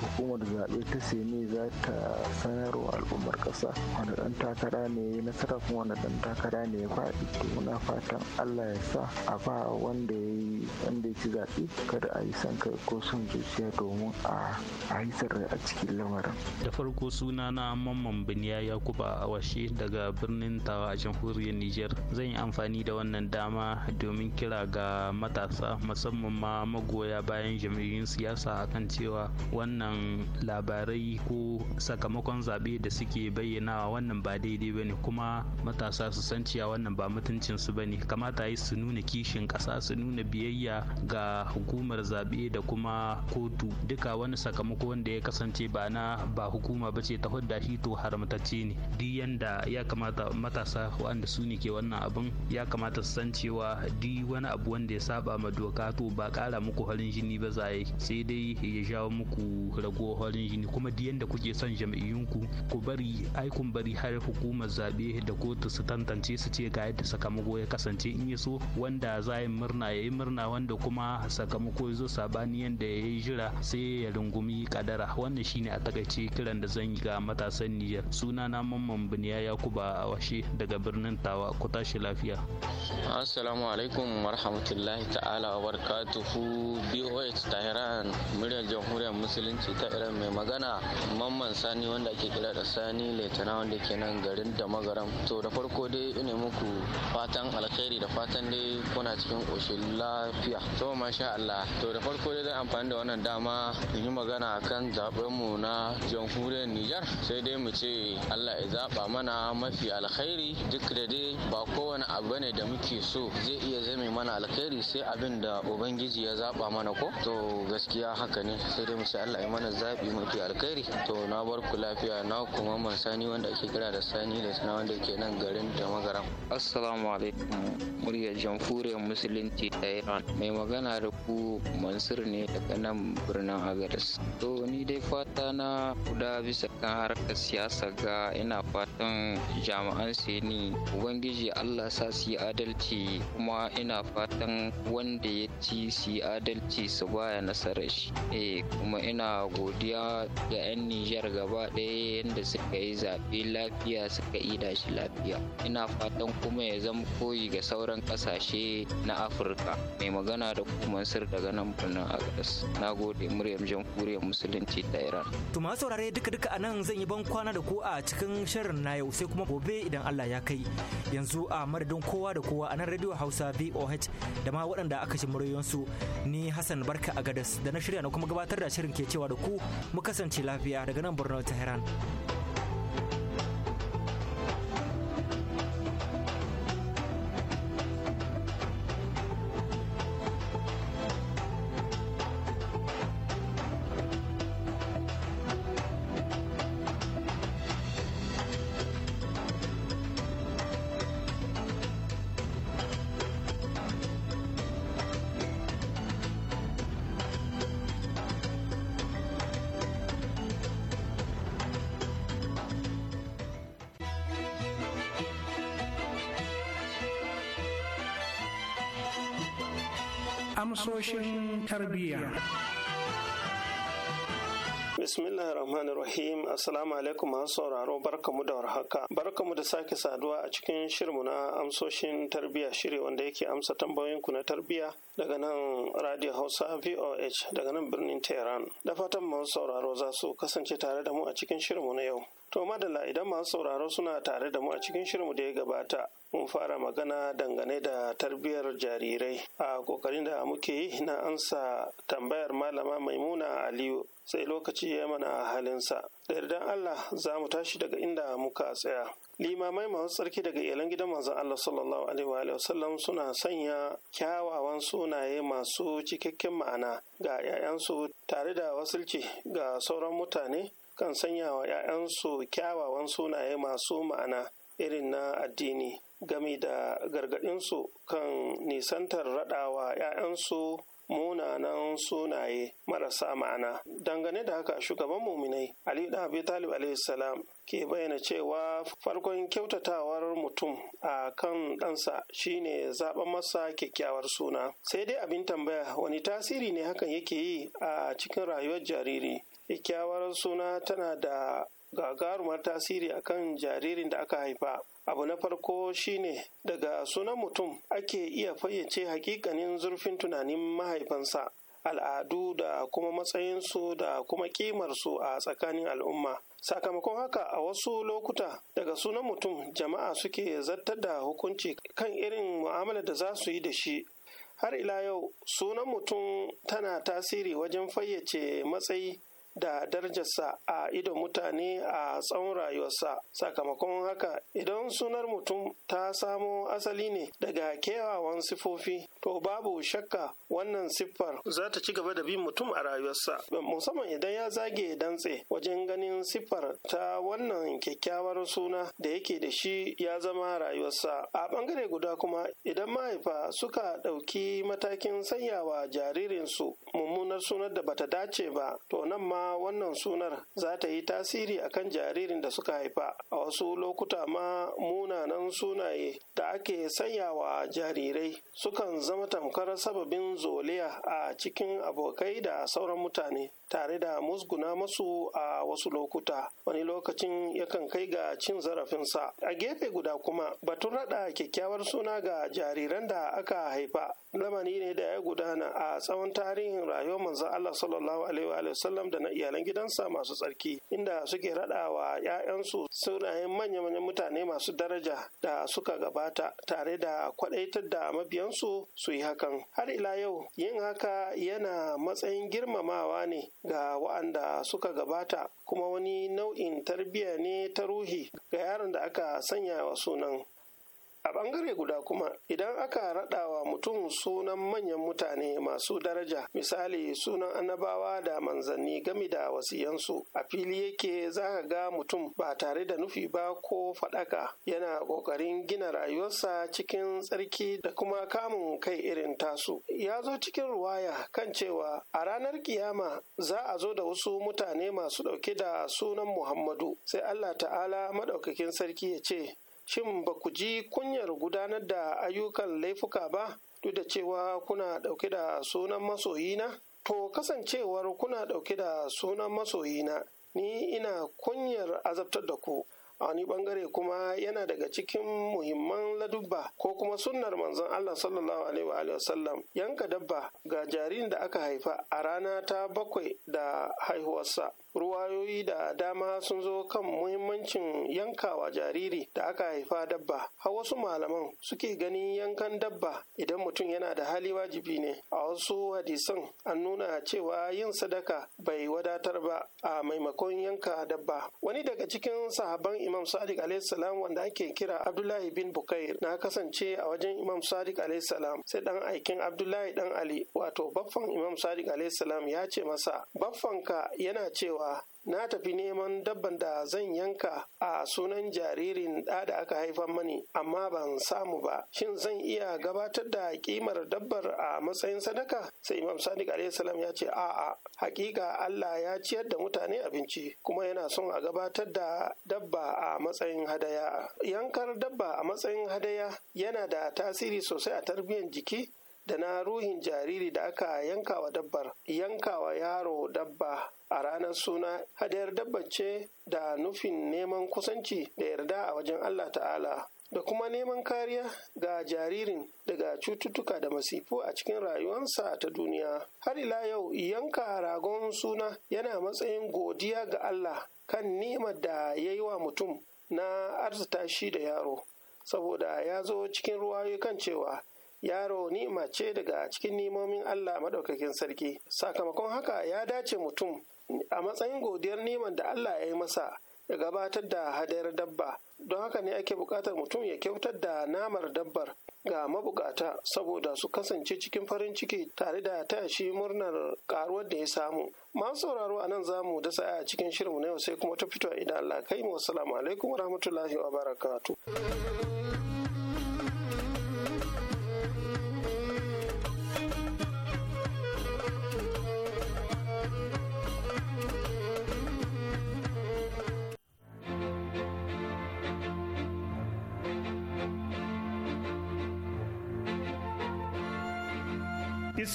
hukumar zaɓe ta sene za ta sanarwa al'ummar kasa wanda ɗan takara ne ya nasara kuma wanda ɗan takara ne ya faɗi to muna fatan allah ya sa a ba wanda ya yi wanda ya ci zaɓe kada a yi son kai ko son zuciya domin a haisar a cikin lamarin da farko suna na mamman biniya yakuba awashe daga birnin tawa a jamhuriyar niger zan yi amfani da wannan dama domin kira ga matasa musamman ma magoya bayan jam'iyyun siyasa akan cewa wannan labarai ko sakamakon zaɓe da suke bayyanawa wannan ba daidai ba ne kuma matasa su san cewa wannan ba mutuncinsu ba ne kamata yi su nuna kishin ƙasa su nuna biyayya ga hukumar zaɓe da kuma kotu duka wani sakamako wanda ya kasance ba na ba hukuma ba ce ta hudda shi to haramtacce ne duk yanda ya kamata matasa waɗanda su ne ke wannan abin ya kamata su san cewa duk wani abu wanda ya saba ma doka sauka ba ƙara muku halin jini ba zai sai dai ya jawo muku rago halin jini kuma duk yanda kuke son jam'iyyunku ku bari aikun bari har hukumar zabe da kotu su tantance su ce ga yadda sakamako ya kasance in ya so wanda za murna ya yi murna wanda kuma sakamako ya zo sabani yanda ya yi jira sai ya rungumi kadara wannan shine a takaice kiran da zan yi ga matasan Nijar suna na mamman Buniya yakuba washe daga birnin tawa ku tashi lafiya assalamu alaikum warahmatullahi ta'ala wabarakatuhu BOH Tehran muryar jamhuriyar musulunci ta Iran mai magana Mamman Sani wanda ake kira da Sani Laitana wanda ke nan garin da magaram. To da farko dai ina muku fatan alkhairi da fatan dai kuna cikin ƙoshin lafiya. To masha Allah. To da farko dai zan amfani da wannan dama in yi magana akan zaben mu na jamhuriyar Nijar sai dai mu ce Allah ya zaba mana mafi alkhairi duk da dai ba kowane abu ne da muke so zai iya zame mana alkhairi sai abin da ubangiji ya zaba mana ko to gaskiya haka ne sai dai musa Allah ya mana zabi mafi alkhairi to na bar ku lafiya na kuma man sani wanda ake kira da sani da sana wanda ke nan garin da magaram assalamu alaikum murya jamhuriyar musulunci ta iran mai magana da ku mansur ne daga nan birnin agadas to ni dai fata na guda bisa kan harkar siyasa ga ina fatan jami'an seni ubangiji Allah sa su yi adalci kuma ina fatan wanda ya ci su yi adalci su baya nasarar shi eh kuma ina godiya ga 'yan nijar gaba ɗaya yadda suka yi zaɓe lafiya suka ida shi lafiya ina fatan kuma ya zama koyi ga sauran ƙasashe na afirka mai magana da kuma sir daga nan birnin agadas na gode muryar jamhuriyar musulunci ta iran to ma saurare duka duka a nan zan yi ban kwana da ku a cikin shirin na yau sai kuma gobe idan allah ya kai yanzu a madadin kowa da kowa a nan radio hausa voh da ma waɗanda aka ji muryoyinsu ni Hassan Barka a Gadas da na shirya na kuma gabatar da shirin ke cewa da ku mu kasance lafiya daga nan Borno Tehran. rahmanir rahim assalamu alaikum masu sauraro barkamu da warhaka barkamu da sake saduwa a cikin shirmu na amsoshin tarbiyya shiri wanda yake amsa tambayoyinku na tarbiyya daga nan radio hausa voh daga nan birnin tehran da fatan masu sauraro za su kasance tare da mu a cikin shirmu na yau to madalla idan masu sauraro suna tare da mu a cikin shirmu da ya gabata mun fara magana dangane da tarbiyyar jarirai a kokarin da muke yi na ansa tambayar malama maimuna aliyu sai lokaci ya mana halinsa da yardan allah za mu tashi daga inda muka tsaya limamai masu tsarki daga iyalan gidan manzon allah sallallahu alaihi wa sallam suna sanya kyawawan sunaye masu cikakken ma'ana ga 'ya'yansu tare da wasulci ga sauran mutane kan sanya wa 'ya'yansu kyawawan sunaye masu ma'ana irin na addini game da gargaɗinsu kan nisantar raɗawa 'ya'yansu munanan sunaye marasa ma'ana dangane da haka shugaban muminai ali da abi talib salam ke bayyana cewa farkon kyautatawar mutum a kan ɗansa shine zaɓen masa kyakkyawar suna sai dai abin tambaya wani tasiri ne hakan yake yi a cikin rayuwar jariri kyakkyawar suna tana da gagarumar tasiri akan jaririn da aka haifa abu na farko shine daga sunan mutum ake iya fayyace hakikanin zurfin tunanin mahaifansa al'adu da kuma matsayinsu da kuma kimarsu a tsakanin al'umma sakamakon haka a wasu lokuta daga sunan mutum jama'a suke zartar da hukunci kan irin mu'amalar da za su yi da shi har ila yau sunan mutum tana tasiri wajen fayyace matsayi da darajarsa a idon mutane a tsawon rayuwarsa sakamakon haka idan sunar mutum ta samo asali ne daga kewawan sifofi to babu shakka wannan siffar za ta ci gaba da bin mutum a rayuwarsa musamman idan ya zage dantse wajen ganin siffar ta wannan kyakkyawar suna da yake da shi ya zama rayuwarsa a bangare guda kuma idan mahaifa suka ɗauki matakin sanyawa jaririnsu mummunar sunar da bata dace ba to nan ma wannan sunar za ta yi tasiri a kan jaririn da suka haifa a wasu lokuta ma munanan sunaye da ake sanyawa jarirai sukan zama tamkar sababin zoliya a cikin abokai da sauran mutane tare da musguna masu a wasu lokuta wani lokacin yakan kai ga cin zarafinsa a gefe guda kuma batun raɗa kyakkyawar suna ga jariran da aka haifa Lamani ne da ya gudana a tsawon tarihin rayuwar manzon Allah sallallahu alaihi wa sallam da na iyalan gidansa masu tsarki inda suke wa ‘ya'yansu sunayen manya-manyan mutane masu daraja da suka gabata tare da kwaɗaitar da mabiyansu su yi hakan har ila yau yin haka yana matsayin girmamawa ne ga wa'anda suka gabata kuma wani nau'in tarbiyya ne ta ruhi ga yaron da aka sanya wa sunan a bangare guda kuma idan aka raɗawa mutum sunan manyan mutane masu daraja misali sunan annabawa da manzanni game da wasiyansu a fili yake za ka ga mutum ba tare da nufi ba ko faɗaka yana ƙoƙarin gina rayuwarsa cikin tsarki da kuma kamun kai irin tasu ya zo cikin ruwaya kan cewa a ranar kiyama za a zo da wasu mutane masu ɗauke da sunan muhammadu sai allah ta'ala maɗaukakin sarki ya ce shin ba ku ji kunyar gudanar da ayyukan laifuka ba duk da cewa kuna ɗauke da sunan masoyina? To kasancewar kuna ɗauke da sunan masoyina, ni ina kunyar azabtar da ku. a wani bangare kuma yana daga cikin muhimman ladubba ko kuma sunnar manzon Allah sallallahu alaihi wa yanka dabba ga jaririn da aka haifa a rana ta bakwai da haihuwarsa ruwayoyi da dama sun zo kan muhimmancin yankawa jariri da aka haifa dabba har wasu malaman suke gani yankan dabba idan mutum yana da hali wajibi ne a wasu hadisan an nuna cewa yin sadaka bai wadatar ba a maimakon yanka dabba wani daga cikin sahaban imam sadiq alaihissalam wanda ake kira abdullahi bin bukair na kasance a wajen imam sadiq alaihissalam sai dan aikin abdullahi dan ali wato baffan imam sadiq alaihissalam ya ce masa baffanka yana cewa cewa na tafi neman dabban da zan yanka a sunan jaririn ɗa da aka haifan mani amma ban samu ba shin zan iya gabatar da kimar dabbar a matsayin sadaka sai imam sadiq salam ya ce a'a hakika allah ya ciyar da mutane abinci kuma yana son a gabatar da dabba a matsayin hadaya yankar dabba a matsayin hadaya yana da tasiri sosai a tarbiyyar jiki da na ruhin jariri da aka yankawa dabbar yankawa yaro dabba a ranar suna hadayar dabba ce da nufin neman kusanci da yarda a wajen Allah ta'ala da kuma neman kariya ga jaririn daga cututtuka da masifu a cikin rayuwarsa ta duniya har ila yau yanka ragon suna yana matsayin godiya ga Allah kan ni'imar da ya yi wa mutum na arzuta shi da yaro saboda ya zo cikin ruwayoyi kan cewa yaro ni'ima ce daga cikin nimomin Allah maɗaukakin sarki sakamakon haka ya dace mutum a matsayin godiyar neman da Allah ya yi masa ya gabatar da hadayar dabba don haka ne ake bukatar mutum ya kyautar da namar dabbar ga mabukata saboda su kasance cikin farin ciki tare da taya shi murnar karuwar da ya samu masu sauraro a nan za mu dasa a cikin shirinmu na yau sai kuma ta fito idan Allah kai mu assalamu alaikum warahmatullahi wabarakatuh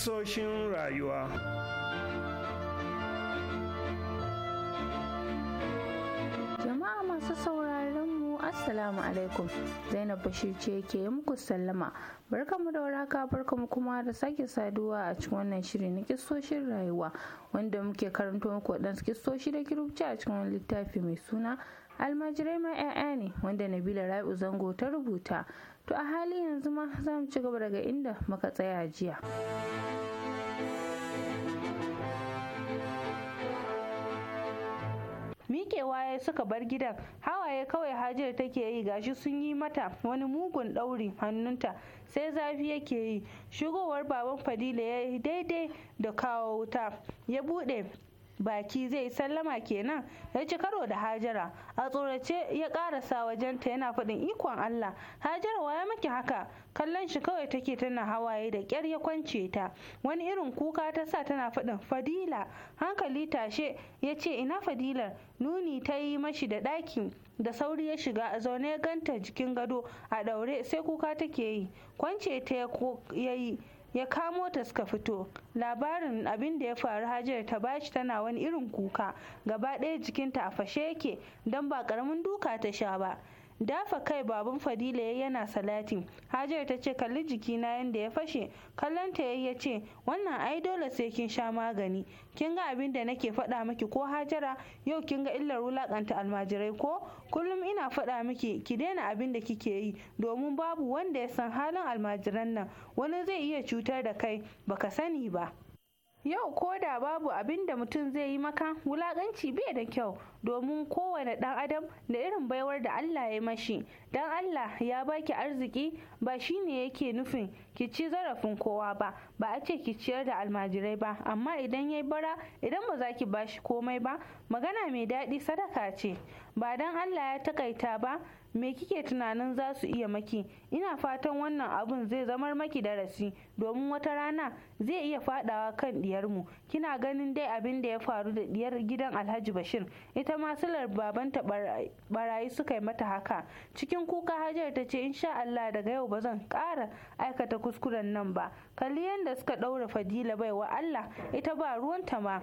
Kisoshin rayuwa. Jama'a masu sauraron mu Assalamu alaikum Zainab Bashir ce ke muku sallama. Barkamu da waraka barkamu kuma da sake saduwa a cikin wannan shiri na kistoshin rayuwa wanda muke karanto muku waɗansu kistoshi da kirubci a cikin wani littafi mai suna almajirai ma 'ya'ya ne wanda Nabila Rai'u Zango ta rubuta. to a halin yanzu ma za mu ci gaba daga inda muka tsaya jiya miƙewa ya suka bar gidan hawaye kawai hajiyar take yi gashi sun yi mata wani mugun ɗauri hannunta sai zafi yake yi shigowar baban fadila ya yi daidai da kawo wuta ya buɗe baki zai sallama kenan ya ci karo da hajara a tsorace ya karasa wajenta yana faɗin ikon allah hajara waya maki haka kallon shi kawai take tana hawaye da ƙyar ya kwance ta wani irin kuka ta sa tana faɗin fadila hankali tashe ya ce ina fadilar nuni ta yi mashi da ɗaki da sauri ya shiga a zaune ya ganta jikin gado a ɗaure sai kuka take yi kwance ta ya ya kamo ta suka fito labarin abin da ya faru hajiyar ta bashi tana wani irin kuka gaba ɗaya jikinta a fashe yake don ba ƙaramin duka ta sha ba dafa kai baban fadila ya yana salati hajar ta ce kalli na yadda ya fashe kallon ta ya ce wannan ai dole sai kin sha magani kin ga abin da nake faɗa miki ko hajara yau kin ga illar wulakanta almajirai ko kullum ina faɗa miki ki daina abin da kike yi domin babu wanda ya san halin almajiran nan wani zai iya cutar da kai baka sani ba yau ko da babu abin da mutum zai yi maka wulakanci bai da kyau domin kowane ɗan adam da irin baiwar da Allah ya mashi dan Allah ya baki arziki ba shi ne yake nufin ki ci zarafin kowa ba ba a ce ki ciyar da almajirai ba amma idan yayi bara idan ba za ki bashi komai ba magana mai daɗi sadaka ce ba dan Allah ya takaita ba me kike tunanin za su iya maki ina fatan wannan abun zai zamar maki darasi domin wata rana zai iya fadawa kan diyarmu kina ganin dai abin da ya faru da diyar gidan alhaji bashir ita ma silar babanta barayi suka yi mata haka cikin kuka hajar ta ce insha allah daga yau ba zan ƙara aikata kuskuren nan ba kalli yadda suka ɗaura fadila bai wa allah ita ba ruwan ta ma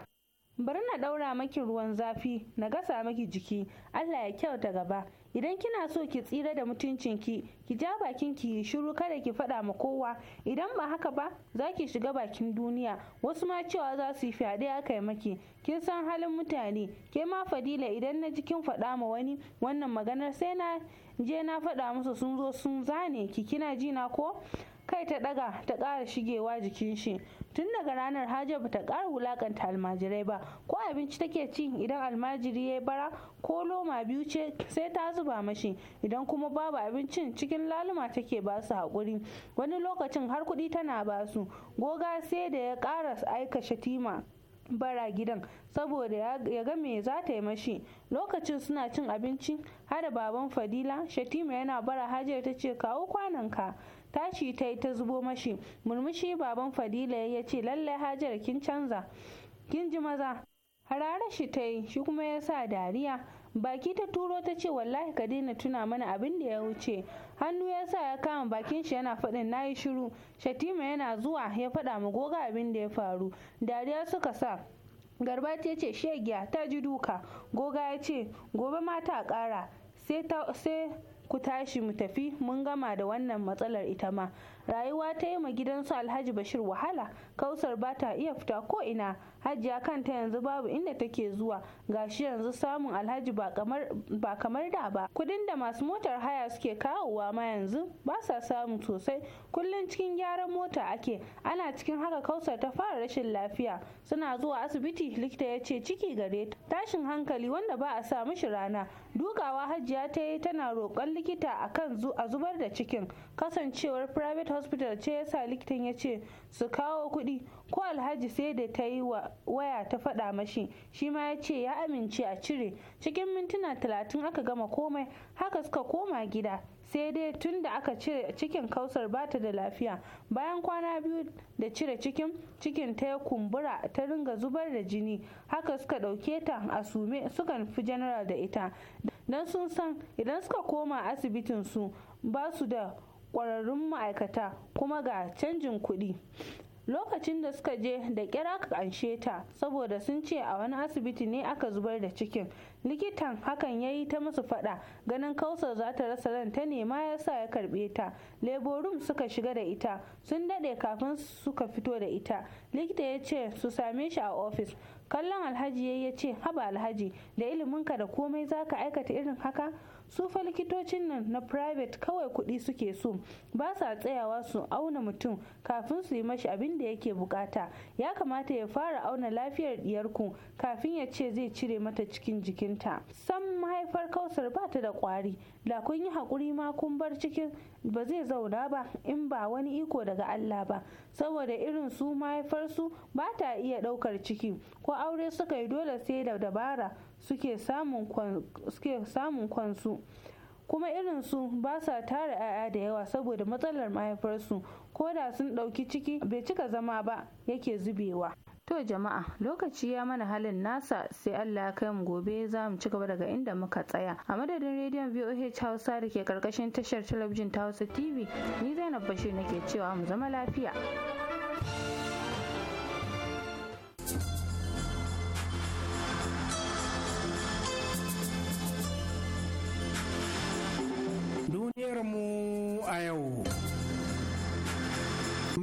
bari na ɗaura maki ruwan zafi na gasa maki jiki allah ya kyauta gaba idan kina so ki tsira da mutuncin ki ki ja bakin ki shiru kada ki fada ma kowa idan ba haka ba za ki shiga bakin duniya wasu ma cewa za su yi fyaɗe aka yi maki kin san halin mutane ke ma fadila idan na ji kin faɗa ma wani wannan maganar sai na je na fada musu sun zo sun zane ki kina ji na ko kai ta ɗaga ta ƙara shigewa jikin shi tun daga ranar Hajiya bata kara wulakanta almajirai ba ko abinci take ci idan almajiri ya bara ko loma biyu ce sai ta zuba mashi idan kuma babu abincin cikin laluma take ba su haƙuri wani lokacin har kuɗi tana ba su goga sai da ya ƙara aika shatima bara gidan saboda ya ga me za ta yi mashi lokacin suna cin abinci har baban fadila shatima yana bara Hajiya ta ce kawo ka. tashi ta yi ta zubo mashi murmushi baban fadila ya ce lallai hajar kin canza kin ji maza harare shi ta yi shi kuma ya sa dariya baki ta turo ta ce wallahi ka daina tuna mana abin da ya wuce hannu ya sa ya kama bakin shi yana faɗin yi shiru shatima yana zuwa ya faɗa ma goga abin da ya faru dariya suka sa garba ta ce shegiya ta ji duka goga ya ce gobe mata ta ƙara sai ku tashi mu tafi mun gama da wannan matsalar ita ma rayuwa ta yi ma gidansu alhaji bashir wahala kausar ba ta iya fita ko ina hajiya kanta yanzu babu inda take zuwa Ga shi yanzu samun alhaji ba kamar da ba kudin da masu motar haya suke kawowa ma yanzu ba sa samu sosai kullum cikin gyaran mota ake ana cikin haka kausar ta fara rashin lafiya suna zuwa asibiti likita ya ce ciki gare ta tashin hankali wanda ba a sa mishi rana dukawa hajiya ta yi tana roƙon likita akan a zubar da cikin kasancewar private hospital ce yasa likitan ya ce su kawo kuɗi ko alhaji sai da ta yi waya ta faɗa mashi shi ma ya ce ya amince a cire cikin mintuna talatin aka gama komai haka suka koma gida sai dai tun da aka cire cikin kausar bata da lafiya bayan kwana biyu da cire cikin cikin ta ya kumbura ta ringa zubar da jini haka suka ɗauke ta a sume suka nufi general da ita don sun san idan suka koma asibitin su ba su da Kwararrun ma'aikata kuma ga canjin kuɗi lokacin da suka je da kira kanshe ta saboda sun ce a wani asibiti ne aka zubar da cikin likitan hakan ya yi ta musu fada ganin kausar za ta rasa ranta ne ma ya sa ya karbe ta leborum suka shiga da ita sun dade kafin suka fito da ita likita ya ce su same shi a ofis kallon alhaji ya ce haba alhaji da iliminka da komai za ka aikata irin haka su fa likitocin nan na private kawai kuɗi suke so ba sa tsayawa su auna mutum kafin su yi mashi abin da yake bukata ya kamata ya fara auna lafiyar diyarku kafin ya ce zai cire mata cikin jikinta san mahaifar kausar ba ta da kwari da kun yi haƙuri ma kun bar cikin ba zai zauna ba in ba wani iko daga Allah ba saboda irin su mahaifarsu ba ta iya ɗaukar ciki ko aure suka yi dole sai da dabara suke samun kwansu kuma irinsu ba sa tara 'ya'ya da yawa saboda matsalar mahaifarsu ko da sun ɗauki ciki bai cika zama ba yake zubewa to jama'a lokaci ya mana halin nasa sai allah ya kai mu gobe za mu ci gaba daga inda muka tsaya a madadin rediyon voh hausa da ke karkashin tashar talabijin ta hausa tv ni zainab bashir nake cewa mu zama lafiya Rafael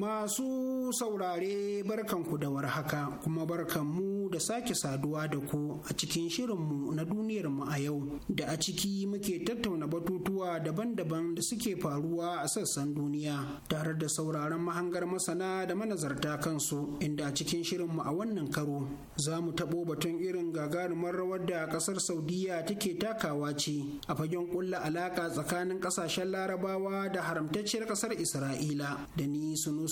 Masu saurare barkanku da haka kuma barkanmu da sake saduwa da ku a cikin shirinmu na duniyarmu a yau da a ciki muke tattauna batutuwa daban-daban da suke faruwa a sassan duniya tare da sauraron mahangar masana da manazarta kansu inda a cikin shirinmu a wannan karo za mu taɓo batun irin gagarumar rawar da ƙasar Saudiya take takawa ce a fagen ƙulla alaƙa tsakanin ƙasashen Larabawa da haramtacciyar ƙasar Isra'ila da ni sunu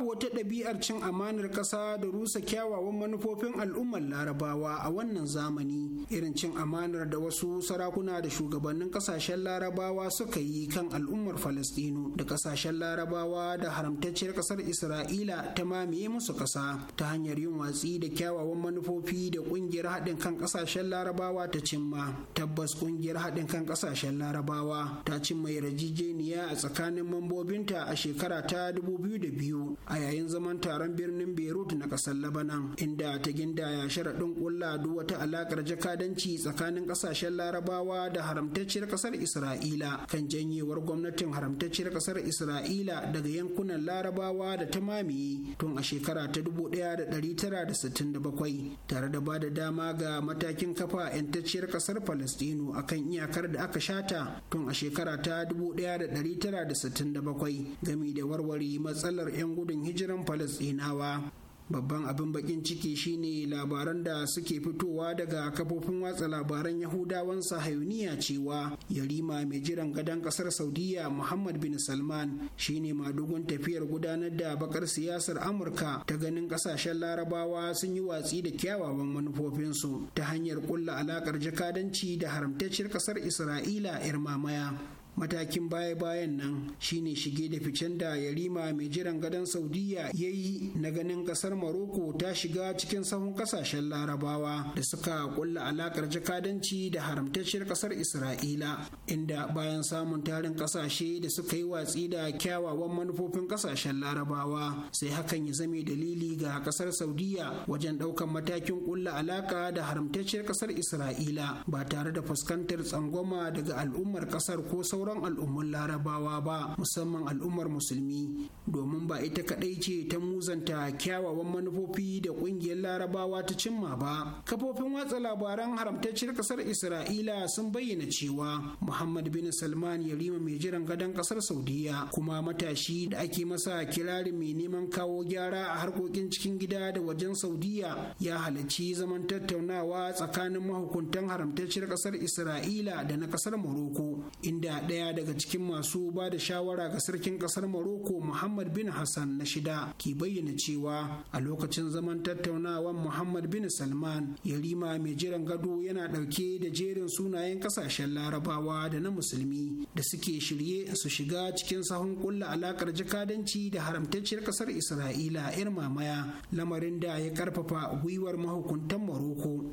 babu wata ɗabi'ar cin amanar ƙasa da rusa kyawawan manufofin al'ummar larabawa a wannan zamani irin cin amanar da wasu sarakuna da shugabannin ƙasashen larabawa suka yi kan al'ummar falastinu da ƙasashen larabawa da haramtacciyar ƙasar isra'ila ta mamaye musu ƙasa ta hanyar yin watsi da kyawawan manufofi da ƙungiyar haɗin kan ƙasashen larabawa ta cimma tabbas ƙungiyar haɗin kan ƙasashen larabawa ta cimma yarjejeniya a tsakanin mambobinta a shekara ta biyu. a yayin zaman taron birnin beirut na kasar labanan inda ta gindaya sharaɗin ƙulla duk wata alaƙar jakadanci tsakanin ƙasashen larabawa da haramtacciyar ƙasar isra'ila kan janyewar gwamnatin haramtacciyar ƙasar isra'ila daga yankunan larabawa da ta mamaye tun a shekara ta 1967 tare da ba da dama ga matakin kafa 'yantacciyar ƙasar palestino akan iyakar da aka shata tun a shekara ta 1967 gami da warware matsalar 'yan gudun yin hijiran falasɗinawa babban abin bakin ciki shine labaran da suke fitowa daga kafofin watsa labaran yahudawan sahayuniya cewa yarima mai jiran gadon kasar saudiya muhammad bin salman shine madugun tafiyar gudanar da bakar siyasar amurka ta ganin kasashen larabawa sun yi watsi da kyawawan manufofinsu ta hanyar kulla alakar jakadanci da haramtacciyar kasar isra'ila 'yar mamaya matakin baya-bayan nan shine shige da ficen da yarima mai jiran gadon saudiya ya yi na ganin kasar maroko ta shiga cikin sahun kasashen larabawa da suka kulla alakar jakadanci da haramtacciyar kasar isra'ila inda bayan samun tarin kasashe da suka yi watsi da kyawawan manufofin kasashen larabawa sai hakan ya zame dalili ga kasar saudiya wajen daukan matakin kulla alaka da haramtacciyar kasar isra'ila ba tare da fuskantar tsangwama daga al'ummar kasar ko sauran sauran al'ummar larabawa ba musamman al'ummar musulmi domin ba ita kaɗai ce ta muzanta kyawawan manufofi da ƙungiyar larabawa ta cimma ba kafofin watsa labaran haramtacciyar ƙasar isra'ila sun bayyana cewa muhammad bin salman yarima mai jiran gadon ƙasar saudiya kuma matashi da ake masa kirari mai neman kawo gyara a harkokin cikin gida da wajen saudiya ya halarci zaman tattaunawa tsakanin mahukuntan haramtacciyar ƙasar isra'ila da na ƙasar morocco inda ɗaya daga cikin masu ba da shawara ga sarkin ƙasar Morocco Muhammad bin Hassan na shida ke bayyana cewa a lokacin zaman tattaunawan Muhammad bin Salman yarima mai jiran gado yana ɗauke da jerin sunayen ƙasashen larabawa da na musulmi da suke shirye su shiga cikin sahun ƙulla alaƙar jakadanci da haramtacciyar ƙasar Isra'ila 'yar mamaya lamarin da ya ƙarfafa gwiwar mahukuntan Morocco.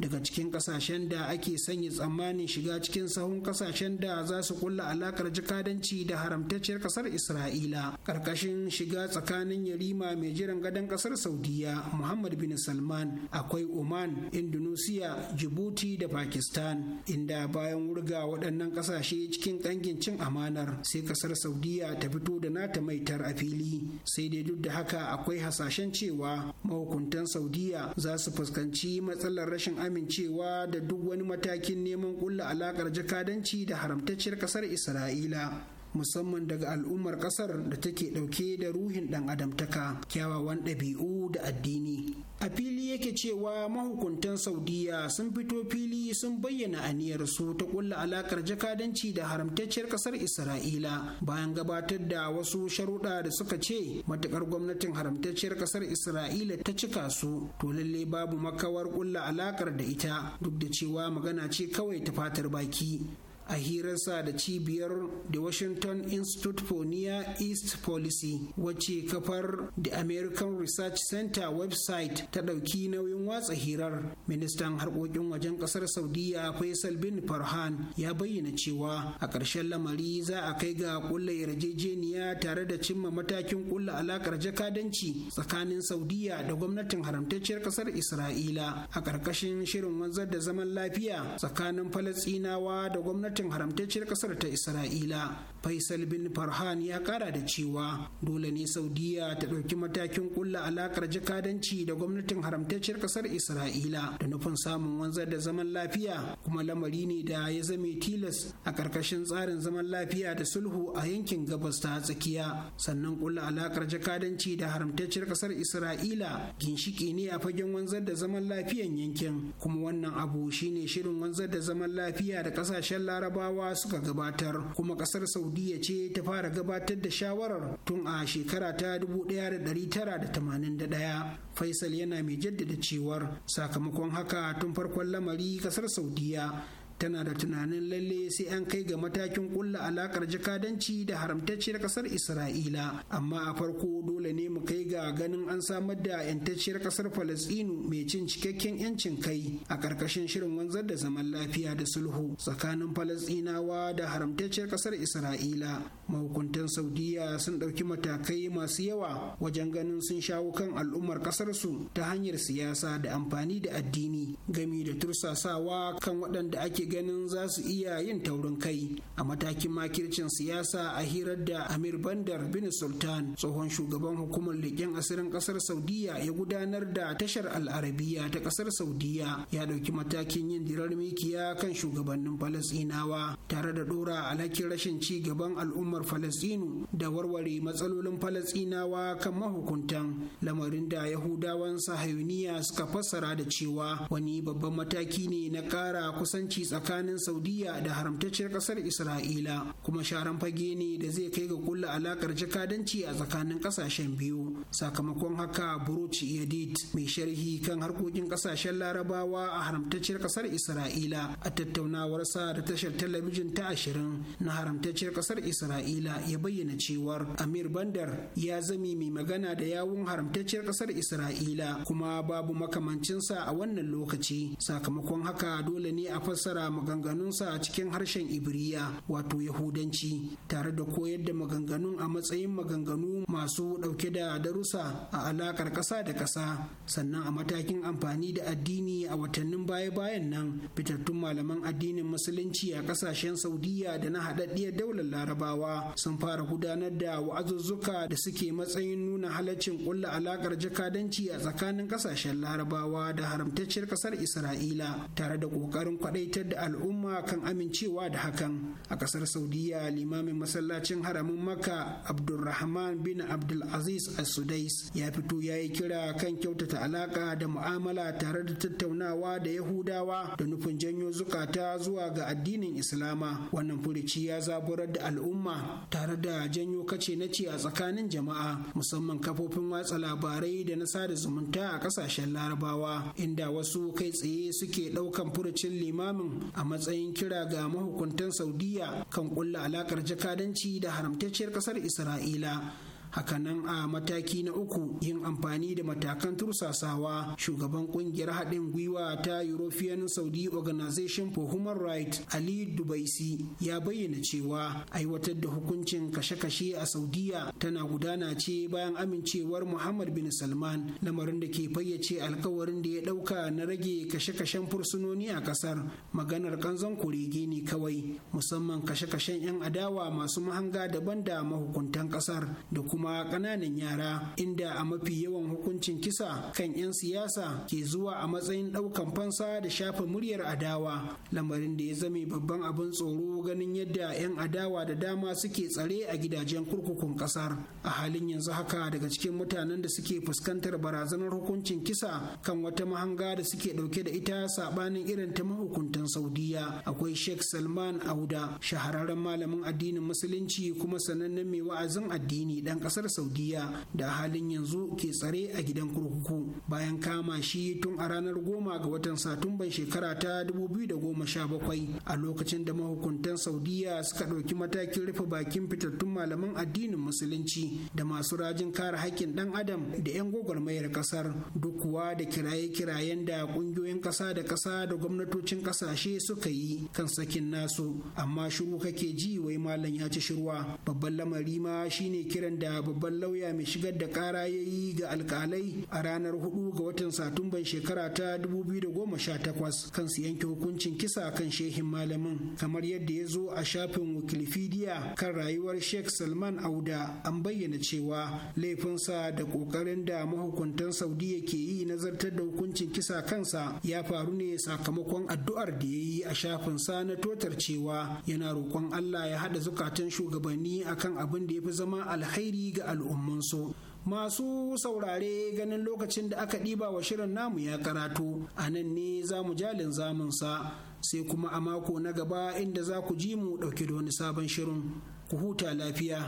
daga cikin kasashen da ake sanya tsammanin shiga cikin sahun kasashen da za su kulla alakar jikadanci da haramtacciyar kasar isra'ila karkashin shiga tsakanin yarima mai jiran gadon kasar saudiya muhammad bin salman akwai oman indonesia djibouti da pakistan inda bayan wurga waɗannan kasashe cikin ƙangin cin amanar sai kasar saudiya ta fito da nata maitar a fili sai dai duk da haka akwai hasashen cewa mahukuntan saudiya za su fuskanci matsalar rashin amincewa da duk wani matakin neman ƙulla alaƙar jakadanci da haramtacciyar ƙasar isra'ila musamman daga al'ummar kasar da take dauke da ruhin dan adamtaka kyawawan ɗabi'u da addini a fili yake cewa mahukuntan saudiya sun fito fili sun bayyana aniyar su ta kulla alakar jakadanci da haramtacciyar kasar isra'ila bayan gabatar da wasu sharuɗa da suka ce matukar gwamnatin haramtacciyar kasar isra'ila ta cika su to lalle babu makawar kulla alakar da ita duk da cewa magana ce kawai ta fatar baki a hirarsa da cibiyar the washington institute for near east policy wacce kafar the american research center website ta ɗauki nauyin watsa hirar ministan harkokin wajen ƙasar saudiya faisal bin farhan ya bayyana cewa a ƙarshen lamari za a kai ga ƙulla yarjejeniya tare da cimma matakin ƙulla alaƙar jakadanci tsakanin saudiya da gwamnatin haramtacciyar ƙasar isra'ila a ƙarƙashin shirin wanzar da zaman lafiya tsakanin falasɗinawa da gwamnati. gwamnatin haramtacciyar ƙasar ta isra'ila faisal bin farhan ya kara da cewa dole ne saudiya ta ɗauki matakin ƙulla alakar jakadanci da gwamnatin haramtacciyar ƙasar isra'ila da nufin samun wanzar da zaman lafiya kuma lamari ne da ya zame tilas a ƙarƙashin tsarin zaman lafiya da sulhu a yankin gabas ta tsakiya sannan ƙulla alakar jakadanci da haramtacciyar ƙasar isra'ila ginshiki ne a fagen wanzar da zaman lafiyan yankin kuma wannan abu shine shirin wanzar da zaman lafiya da ƙasashen larabawa suka gabatar kuma ƙasar saudi saudiya ce ta fara gabatar da shawarar tun a shekara ta 1981 faisal yana mai jaddada cewar sakamakon haka tun farkon lamari kasar saudiya tana da tunanin lalle sai an kai ga matakin kulla alakar jakadanci da haramtacciyar kasar isra'ila amma a farko dole ne mu kai ga ganin an samar da yantacciyar kasar falasɗinu mai cin cikakken yancin kai a ƙarƙashin shirin wanzar da zaman lafiya da sulhu tsakanin falasɗinawa da haramtacciyar kasar isra'ila mahukuntan saudiya sun ɗauki matakai masu yawa wajen ganin sun shawo kan al'ummar ƙasarsu ta hanyar siyasa da amfani da addini gami da tursasawa kan waɗanda ake ganin za su iya yin taurin kai a matakin makircin siyasa a hirar da amir bandar bin sultan tsohon shugaban hukumar leƙen asirin ƙasar saudiya ya gudanar da tashar al'arabiya ta ƙasar saudiya ya ɗauki matakin yin dirar mikiya kan shugabannin Falasinawa. tare da ɗora alhakin rashin ci gaban al'ummar Falasinu da warware matsalolin Falasinawa kan mahukuntan lamarin da yahudawan sahayuniya suka fassara da cewa wani babban mataki ne na ƙara kusanci tsakanin saudiya da haramtacciyar kasar isra'ila kuma sharan fage ne da zai kai ga kulla alakar jakadanci a tsakanin kasashen biyu sakamakon haka buruci yadid mai sharhi kan harkokin kasashen larabawa a haramtacciyar kasar isra'ila a tattaunawar sa da tashar talabijin ta ashirin na haramtacciyar kasar isra'ila ya bayyana cewar amir bandar ya zame mai magana da yawun haramtacciyar kasar isra'ila kuma babu makamancinsa a wannan lokaci sakamakon haka dole ne a fassara maganganunsa a cikin harshen ibriya wato yahudanci tare da koyar da maganganun a matsayin maganganu masu dauke da darussa a alakar ƙasa da ƙasa sannan a matakin amfani da addini a watannin baya-bayan nan fitattun malaman addinin musulunci a kasashen saudiya da na haɗaɗɗiyar daular larabawa sun fara gudanar da wa'azuzzuka da suke matsayin nuna halaccin ƙulla alakar jakadanci a tsakanin ƙasashen larabawa da haramtacciyar ƙasar isra'ila tare da ƙoƙarin kwaɗaitar da da al'umma kan amincewa da hakan a kasar saudiya limamin masallacin haramin makka abdulrahman bin abdulaziz al-sudais ya fito ya yi kira kan kyautata alaka da mu'amala tare da tattaunawa da yahudawa da nufin janyo zukata zuwa ga addinin islama wannan furici ya zaburar da al'umma tare da janyo kace na ce a tsakanin jama'a musamman kafofin watsa labarai da na sada zumunta a kasashen larabawa inda wasu kai tsaye suke ɗaukan furucin limamin a matsayin kira ga mahukuntan saudiya kan kulla alakar jakadanci da haramtacciyar kasar isra'ila hakanan a mataki na uku yin amfani da matakan tursasawa shugaban kungiyar haɗin gwiwa ta european saudi organization for human rights ali dubaisi ya bayyana cewa aiwatar da hukuncin kashe-kashe a saudiya tana gudana ce bayan amincewar muhammad bin salman lamarin da ke fayyace alkawarin da ya ɗauka na rage kashe-kashen fursunoni a ƙasar maganar kanzon kurege ne kawai musamman kashe-kashen 'yan adawa masu mahanga daban da mahukuntan ƙasar da kuma kuma ƙananan yara inda a mafi yawan hukuncin kisa kan 'yan siyasa ke zuwa a matsayin ɗaukan fansa da shafa muryar adawa lamarin da ya zame babban abin tsoro ganin yadda 'yan adawa da dama suke tsare a gidajen kurkukun ƙasar a halin yanzu haka daga cikin mutanen da suke fuskantar barazanar hukuncin kisa kan wata mahanga da suke ɗauke da ita saɓanin irin ta mahukuntan saudiya akwai sheikh salman auda shahararren malamin addinin musulunci kuma sanannen mai wa'azin addini ɗan ƙasar kasar saudiya da halin yanzu ke tsare a gidan kurkuku bayan kama shi tun a ranar goma ga watan satumban shekara ta 2017 a lokacin da mahukuntan saudiya suka ɗauki matakin rufe bakin fitattun malaman addinin musulunci da masu rajin kare haƙƙin ɗan adam da 'yan gwagwarmayar kasar duk kuwa da kiraye-kirayen da ƙungiyoyin ƙasa da ƙasa da gwamnatocin ƙasashe suka yi kan sakin nasu amma shiru kake ji wai malam ya ci shirwa babban lamari ma shine kiran da babban lauya mai shigar da kara ya yi ga alkalai a ranar 4 ga watan satumban shekara ta 2018 kan su yanke hukuncin kisa kan shehin malamin kamar yadda ya zo a shafin wikipedia kan rayuwar sheikh salman auda an bayyana cewa laifinsa da kokarin da mahukuntan saudiya ke yi nazartar da hukuncin kisa kansa ya faru ne sakamakon addu'ar da ya yi a shafin sa na totar cewa yana roƙon allah ya haɗa zukatan shugabanni akan abin da ya fi zama alheri. ga al'ummansu. Masu saurare ganin lokacin da aka ɗiba wa shirin namu ya karatu, a nan ne za mu jalin zamunsa sai kuma a mako na gaba inda za ku ji mu ɗauki da wani sabon shirin. Ku huta lafiya.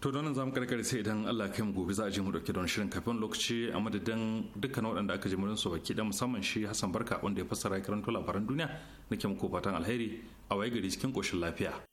To don za karkare sai idan Allah kai mu gobe za a je mu dauke don shirin kafin lokaci a madadin dukkan waɗanda aka ji murin su baki dan musamman shi Hassan Barka wanda ya fassara karanto labaran duniya nake muku fatan alheri a waye gari cikin koshin lafiya.